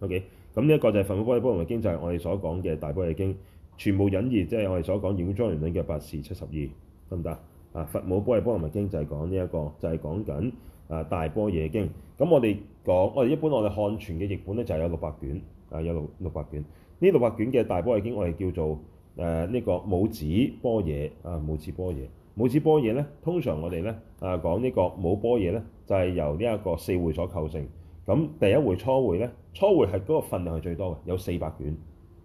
OK 咁呢一個就係佛母般若波羅,波羅蜜經就係我哋所講嘅大般若經全部隱義，即係我哋所講《現觀莊嚴論》嘅八事七十二，得唔得啊？佛母般若波羅,波羅蜜經就係講呢、這、一個，就係、是、講緊啊大般若經。咁我哋講，我哋一般我哋漢傳嘅譯本咧就係有六百卷啊，有六六百卷呢六百卷嘅大般若經，我哋叫做誒呢、呃這個母子般若啊，母子般若。母子般若咧，通常我哋咧啊講、這個、呢個母般若咧，就係、是、由呢一個四會所構成。咁第一回初會咧，初會係嗰個份量係最多嘅，有四百卷，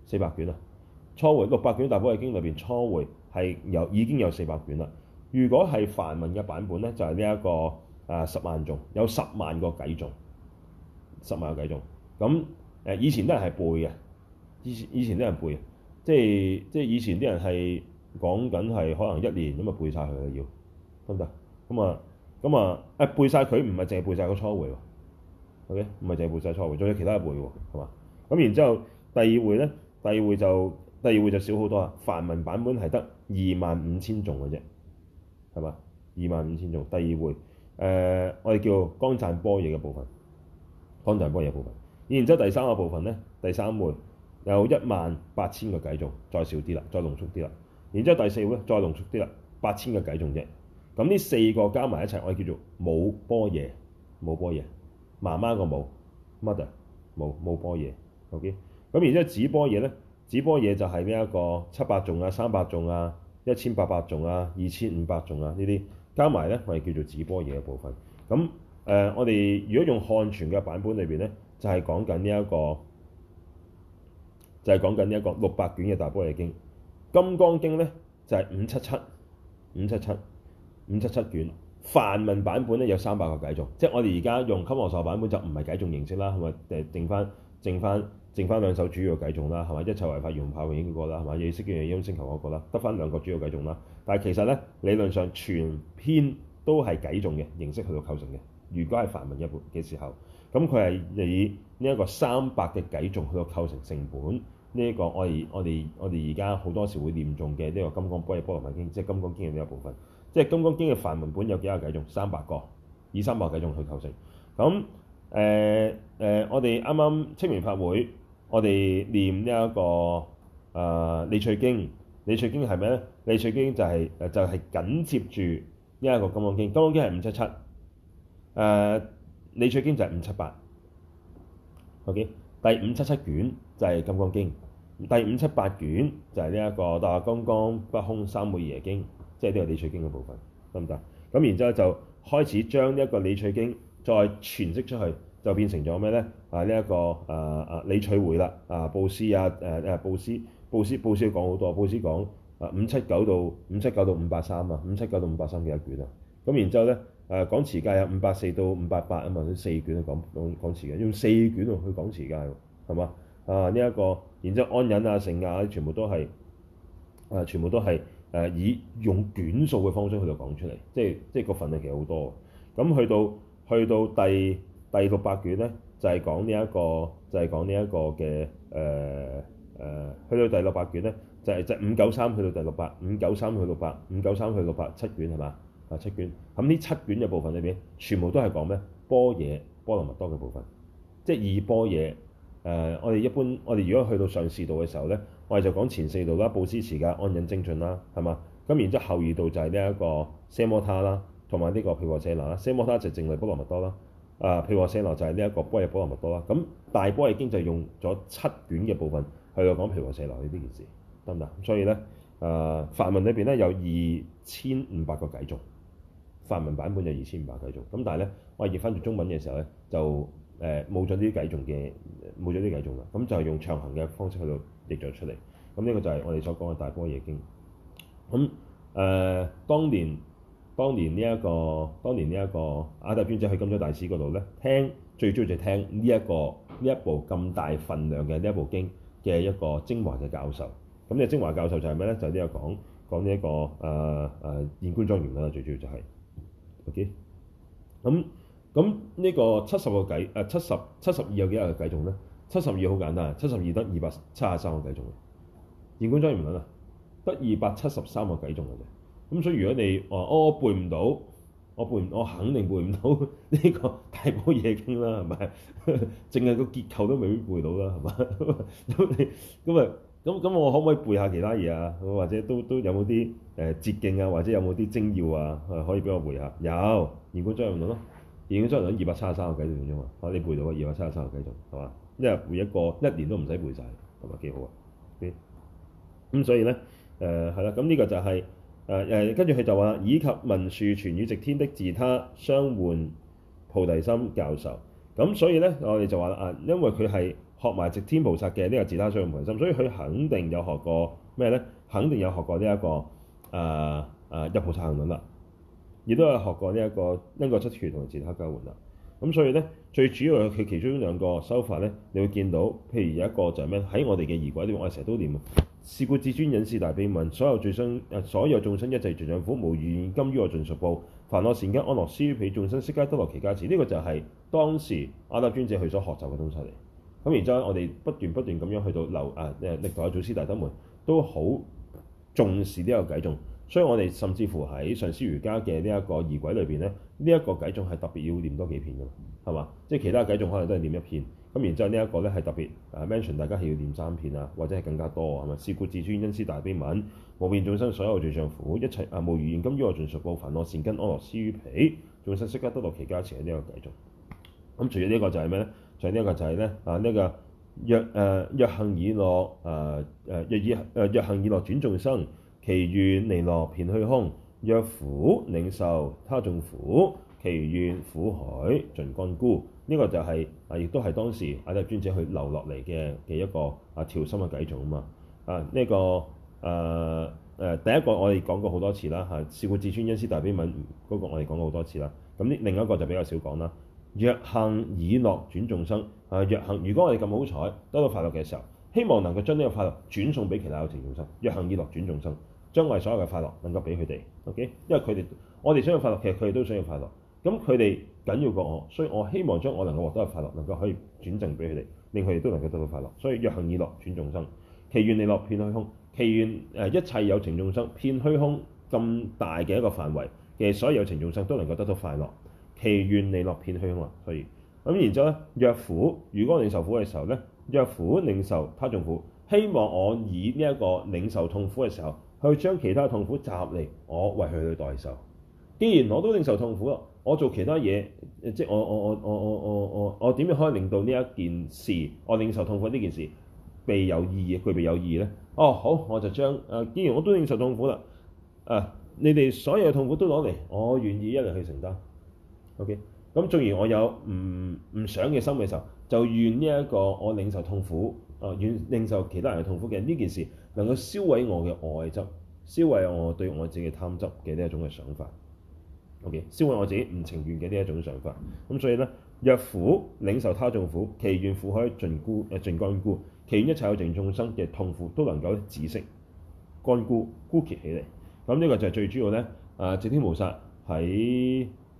四百卷啊！初會六百卷大部嘅經裏邊，初會係有已經有四百卷啦。如果係梵文嘅版本咧，就係呢一個啊十萬頌，有十萬個偈頌，十萬個偈頌。咁誒以前啲人係背嘅，以前以前啲人背嘅，即係即係以前啲人係。講緊係可能一年咁啊，背晒佢啦，要得唔得？咁啊，咁啊，誒，背晒佢唔係淨係背晒個初回喎，O K，唔係淨係背晒初回，仲有其他一回喎，係嘛？咁然之後第二回咧，第二回就第二回就少好多啦。梵文版本係得二萬五千種嘅啫，係嘛？二萬五千種，第二回誒、呃，我哋叫江湛波嘢嘅部分，江湛波嘢部分。然之後第三個部分咧，第三回有一萬八千個偈種，再少啲啦，再濃縮啲啦。然之後第四咧，再濃縮啲啦，八千個偈仲啫。咁呢四個加埋一齊，我哋叫做母般若，母般若，媽媽個母 m o t h e r 冇母般若。OK。咁然之後子般若咧，子般若就係呢一個七百眾啊、三百眾啊、一千八百眾啊、二千五百眾啊呢啲加埋咧，我哋叫做子般若嘅部分。咁、嗯、誒、呃，我哋如果用漢傳嘅版本裏邊咧，就係講緊呢一個，就係講緊呢一個六百卷嘅大般若經。《金剛經》呢咧就係、是、五七七、五七七、五七七卷。梵文版本咧有三百個偈頌，即係我哋而家用《金剛鎖》版本就唔係偈頌形式啦，係咪？誒，剩翻、剩翻、剩翻兩首主要偈頌啦，係咪？一切有為法如夢幻泡影嗰個啦，係咪？以色嘅以音聲求嗰個啦，得翻兩個主要偈頌啦。但係其實咧，理論上全篇都係偈頌嘅形式去到構成嘅。如果係梵文一本嘅時候，咁佢係以呢一個三百嘅偈頌去到構成成，成本。呢一個我哋我哋我哋而家好多時會念誦嘅呢個金剛《金剛般若波羅蜜經》，即係《金剛經》嘅呢一部分。即係《金剛經》嘅梵文本有幾多個偈頌？三百個，以三百偈頌去構成。咁誒誒，我哋啱啱清明法會，我哋念呢、這、一個啊、呃《李翠經》李經。李翠經係咩咧？李翠經就係、是、誒，就係、是、緊、就是、接住呢一個金剛經《金剛經》。《金剛經》係五七七，誒、呃《李翠經》就係五七八。O K。第五七七卷就係《金剛經》，第五七八卷就係呢一個《大樂金剛不空三昧耶經》，即係呢個《理趣經》嘅部分，得唔得？咁然之後就開始將呢一個《理趣經》再傳釋出去，就變成咗咩咧？啊，呢、這、一個啊、呃、啊《理趣會》啦，啊布施啊誒誒布施布施布施講好多，布施講啊五七九到五七九到五八三啊，五七九到五八三幾一卷啊？咁然之後咧。誒、啊、講持戒有、啊、五百四到五百八啊嘛，都四卷啊講講講持戒用四卷去講持戒，喎，係嘛啊？呢一、啊這個，然之後安忍啊、盛啊，全部都係誒、啊，全部都係誒、啊，以用卷數嘅方式去到講出嚟，即係即係個份量其實好多。咁去到去到第第六百卷咧，就係、是、講呢、這、一個就係、是、講呢一個嘅誒誒，去到第六百卷咧就係、是、就是、五九三去到第六百五九三去到六百五九三去到六百，去到六百七卷係嘛？啊七卷，咁呢七卷嘅部分裏邊，全部都係講咩？般若波羅蜜多嘅部分，即係二般若。誒、呃，我哋一般我哋如果去到上士道嘅時候咧，我哋就講前四度啦，布施持戒、安忍精進啦，係嘛？咁然之後後二度就係呢一個奢摩他啦，同埋呢個毘缽舍那啦。奢摩他就靜慮波羅蜜多啦，啊、呃，毘缽舍那就係呢一個般若波羅蜜多啦。咁大般若經就用咗七卷嘅部分去講毘缽舍那呢件事，得唔得？所以咧，誒、呃，法文裏邊咧有二千五百個偈頌。梵文版本就二千五百偈頌咁，但係咧，我係譯翻住中文嘅時候咧，就誒冇咗呢啲偈頌嘅冇咗啲偈頌啦。咁就係用長行嘅方式喺度譯咗出嚟。咁呢個就係我哋所講嘅《大般若經》。咁、呃、誒，當年當年呢、這、一個當年呢、這、一個、這個、阿特尊者去金洲大師嗰度咧，聽最主要就聽呢、這、一個呢一部咁大份量嘅呢一部經嘅一個精華嘅教授。咁呢精華教授就係咩咧？就係、是、呢個講講呢一個誒誒現觀莊嚴啦，最主要就係、是。咁咁呢個七十個、呃、個計，誒七十七十二有幾多個計重咧？七十二好簡單，七十二得二百七十三個計重。嘅。現觀莊嚴論啊，得二百七十三個計重嘅啫。咁、嗯、所以如果你話哦，背唔到，我背，我，背，我，背我肯定背唔到呢個大《大般若經》啦，係咪？淨係個結構都未必背到啦，係咪？咁 你咁啊？咁咁我可唔可以背下其他嘢啊？或者都都有冇啲誒捷徑啊？或者有冇啲精要啊？可以俾我背下。有《現觀莊嚴論》咯、啊，現啊《現觀莊嚴論》二百七十三個偈就咁樣啊！你背到二百七十三個偈仲係嘛？一日背一個，一年都唔使背晒，咁啊幾好啊？咁、嗯、所以咧誒係啦，咁、呃、呢、嗯這個就係誒誒跟住佢就話，以及文殊傳與寂天的自他相換菩提心教授。咁、嗯、所以咧，我哋就話啊，因為佢係。學埋《寂天菩薩》嘅呢個自他相換菩提心，所以佢肯定有學過咩咧？肯定有學過呢、這、一個誒誒入菩薩行論啦，亦都有學過呢一個因果七處同自他交換啦。咁所以咧，最主要佢其中兩個修法咧，你會見到，譬如有一個就係咩喺我哋嘅《儀軌》呢，我成日都唸啊。是故至尊忍是大悲問所有眾生，所有眾生一齊長丈苦無餘，願今於我盡受報，凡我善根安樂施於彼眾生，悉皆得樂其家慈。呢、這個就係當時阿達尊者佢所學習嘅東西嚟。咁然之後我哋不斷不斷咁樣去到留啊，誒歷代嘅祖師大德們都好重視呢個偈頌，所以我哋甚至乎喺上師瑜伽嘅呢一個儀軌裏邊咧，呢一個偈頌係特別要念多幾遍嘅，係嘛？即係其他偈頌可能都係念一遍，咁然之後呢一個咧係特別啊 mention 大家係要念三遍啊，或者係更加多啊，係嘛？是故至尊恩師大悲文，無邊眾生所有罪障苦，一切啊無餘願，今於我盡熟部分我善根安樂施於彼，眾生悉皆得樂其家前呢個偈頌。咁除咗呢個就係咩咧？仲有一個就係咧啊，呢個若誒、呃、若幸以樂誒誒若已誒若幸以樂轉眾生，祈願利樂遍虛空；若苦領受他眾苦，祈願苦海盡乾枯。呢、這個就係、是、啊、呃，亦都係當時阿底峽尊者佢留落嚟嘅嘅一個啊調心嘅偈頌啊嘛啊，呢個誒誒、呃呃、第一個我哋講過好多次啦嚇、啊《少苦至尊恩師大悲文》那，嗰個我哋講過好多次啦。咁、嗯、呢另一個就比較少講啦。若幸以樂轉眾生，啊！若幸，如果我哋咁好彩得到快樂嘅時候，希望能夠將呢個快樂轉送俾其他有情眾生。若幸以樂轉眾生，將我哋所有嘅快樂能夠俾佢哋。O、okay? K.，因為佢哋，我哋想要快樂，其實佢哋都想快樂要快樂。咁佢哋緊要過我，所以我希望將我能夠獲得嘅快樂，能夠可以轉贈俾佢哋，令佢哋都能夠得到快樂。所以若幸以樂轉眾生，其願你樂遍虛空，其願誒一切有情眾生遍虛空咁大嘅一個範圍嘅所有有情眾生都能夠得到快樂。其願你落片香啊！所以咁，然之後咧，若苦，如果領受苦嘅時候咧，若苦，領受他仲苦，希望我以呢一個領受痛苦嘅時候，去將其他痛苦集合嚟，我為佢去代受。既然我都領受痛苦咯，我做其他嘢，即係我我我我我我我我點樣可以令到呢一件事，我領受痛苦呢件事，備有意義，具備有意義咧？哦，好，我就將誒，既然我都領受痛苦啦，誒、啊，你哋所有嘅痛苦都攞嚟，我願意一嚟去承擔。O K. 咁，既然、okay, 我有唔唔想嘅心嘅時候，就願呢一個我領受痛苦啊，願、呃、領受其他人嘅痛苦嘅呢件事，能夠銷毀我嘅愛執，銷毀我對我自己貪執嘅呢一種嘅想法。O K. 銷毀我自己唔情願嘅呢一種想法。咁、okay? 所以咧，若苦領受他眾苦，其願苦可以盡孤誒盡乾枯，其願一切有情眾生嘅痛苦都能夠止息，乾枯枯竭起嚟。咁呢個就係最主要咧。誒、呃，寂天菩薩喺。誒誒誒誒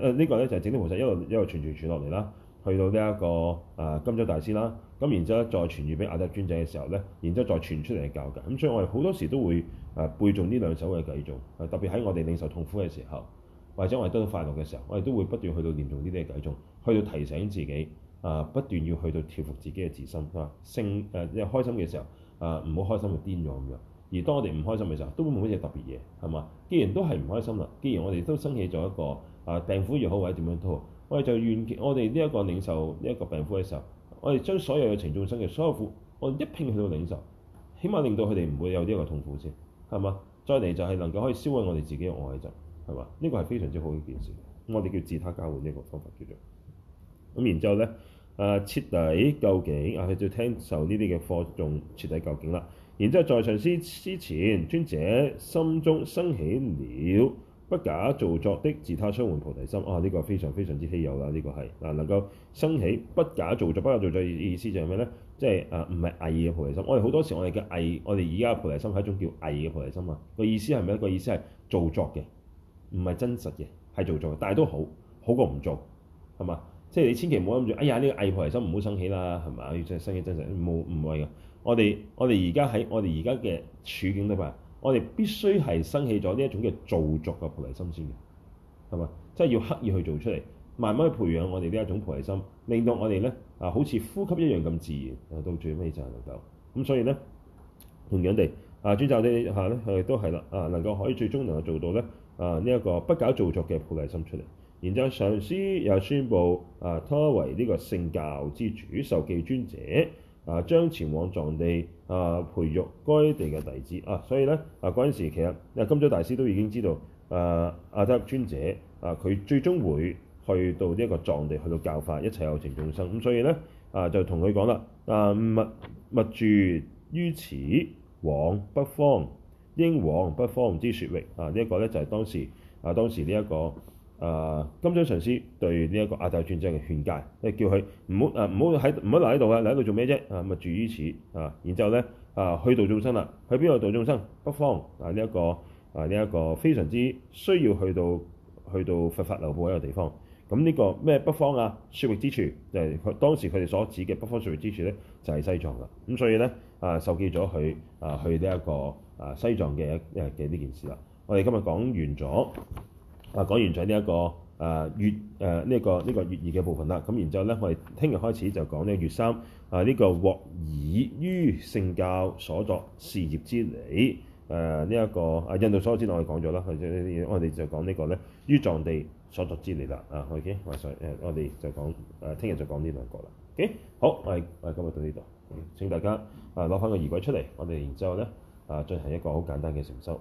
誒呢個咧就係整啲菩薩一路一路傳傳傳落嚟啦，去到呢一個誒金洲大師啦，咁然之後再傳予俾阿德尊者嘅時候咧，然之後再傳出嚟教嘅，咁、嗯、所以我哋好多時都會誒背誦呢兩首嘅偈頌，特別喺我哋領受痛苦嘅時候，或者我哋得到快樂嘅時候，我哋都會不斷去到念誦呢啲嘅偈頌，去到提醒自己啊，不斷要去到調服自己嘅自心，嚇、啊，勝誒即係開心嘅時候啊，唔好開心就癲咗咁樣。而當我哋唔開心嘅時候，都會冇乜嘢特別嘢，係嘛？既然都係唔開心啦，既然我哋都生起咗一個啊病苦，又好或者點樣都好，我哋就願我哋呢一個領受呢一個病苦嘅時候，我哋將所有嘅情眾生嘅所有苦，我一拼去到領受，起碼令到佢哋唔會有呢個痛苦先，係嘛？再嚟就係能夠可以消毀我哋自己嘅愛憎，係嘛？呢個係非常之好嘅件事，我哋叫自他交換呢個方法叫做咁，然之後咧，誒徹底究竟啊，就聽受呢啲嘅課仲徹底究竟啦。然之後在上，在上師之前尊者心中生起了不假造作的自他相換菩提心。啊，呢、這個非常非常之稀有啦！呢、這個係嗱、啊，能夠升起不假造作，不假造作意思就係咩呢？即、就、係、是、啊，唔係偽嘅菩提心。我哋好多時，我哋嘅偽，我哋而家嘅菩提心係一種叫偽嘅菩提心啊。個意思係咪一個意思係造作嘅，唔係真實嘅，係造作嘅。但係都好，好過唔做，係嘛？即、就、係、是、你千祈唔好諗住，哎呀，呢、這個偽菩提心唔好生起啦，係嘛？要真係生起真實，冇唔會㗎。我哋我哋而家喺我哋而家嘅處境度嘛，我哋必須係生起咗呢一種嘅造作嘅菩提心先嘅，係嘛？即係要刻意去做出嚟，慢慢去培養我哋呢一種菩提心，令到我哋咧啊，好似呼吸一樣咁自然啊。到最尾就係能夠咁，所以咧同樣地啊，專習你下咧，佢亦都係啦啊，能夠可以最終能夠做到咧啊呢一個不搞造作嘅菩提心出嚟。然之後上師又宣布啊，他為呢個聖教之主授記尊者，啊，將前往藏地啊，培育該地嘅弟子啊，所以咧啊，嗰陣時其實啊，金洲大師都已經知道啊，阿德尊者啊，佢最終會去到呢一個藏地，去到教化一切有情眾生。咁所以咧啊，就同佢講啦啊，勿勿住於此，往北方，應往北方之雪域啊。這個、呢一個咧就係、是、當時啊，當時呢、這、一個。啊！金洲上師對呢一個阿底峽尊者嘅勸戒，即係叫佢唔好啊，唔好喺唔好留喺度啦，留喺度做咩啫？啊，咁啊住於此啊，然之後咧啊，去到眾生啦，去邊度度眾生？北方啊，呢、這、一個啊，呢、這、一個非常之需要去到去到佛法流布一個地方。咁呢個咩北方啊，雪域之處，就係、是、佢當時佢哋所指嘅北方雪域之處咧，就係、是、西藏噶。咁、啊、所以咧啊，受記咗佢啊，去呢、這、一個啊西藏嘅一誒嘅呢件事啦。我哋今日講完咗。啊，講完咗呢一個誒、啊、月誒呢、啊這個呢、這個月二嘅部分啦，咁然之後咧，我哋聽日開始就講呢個月三啊呢、這個獲已於聖教所作事業之理，誒呢一個啊印度所作之理我哋講咗啦，我哋就講呢個咧於藏地所作之理啦啊 OK，我哋誒我哋就講誒聽日就講呢兩個啦。OK，好，我哋我哋今日到呢度，請大家啊攞翻個儀軌出嚟，我哋然之後咧啊進行一個好簡單嘅承修。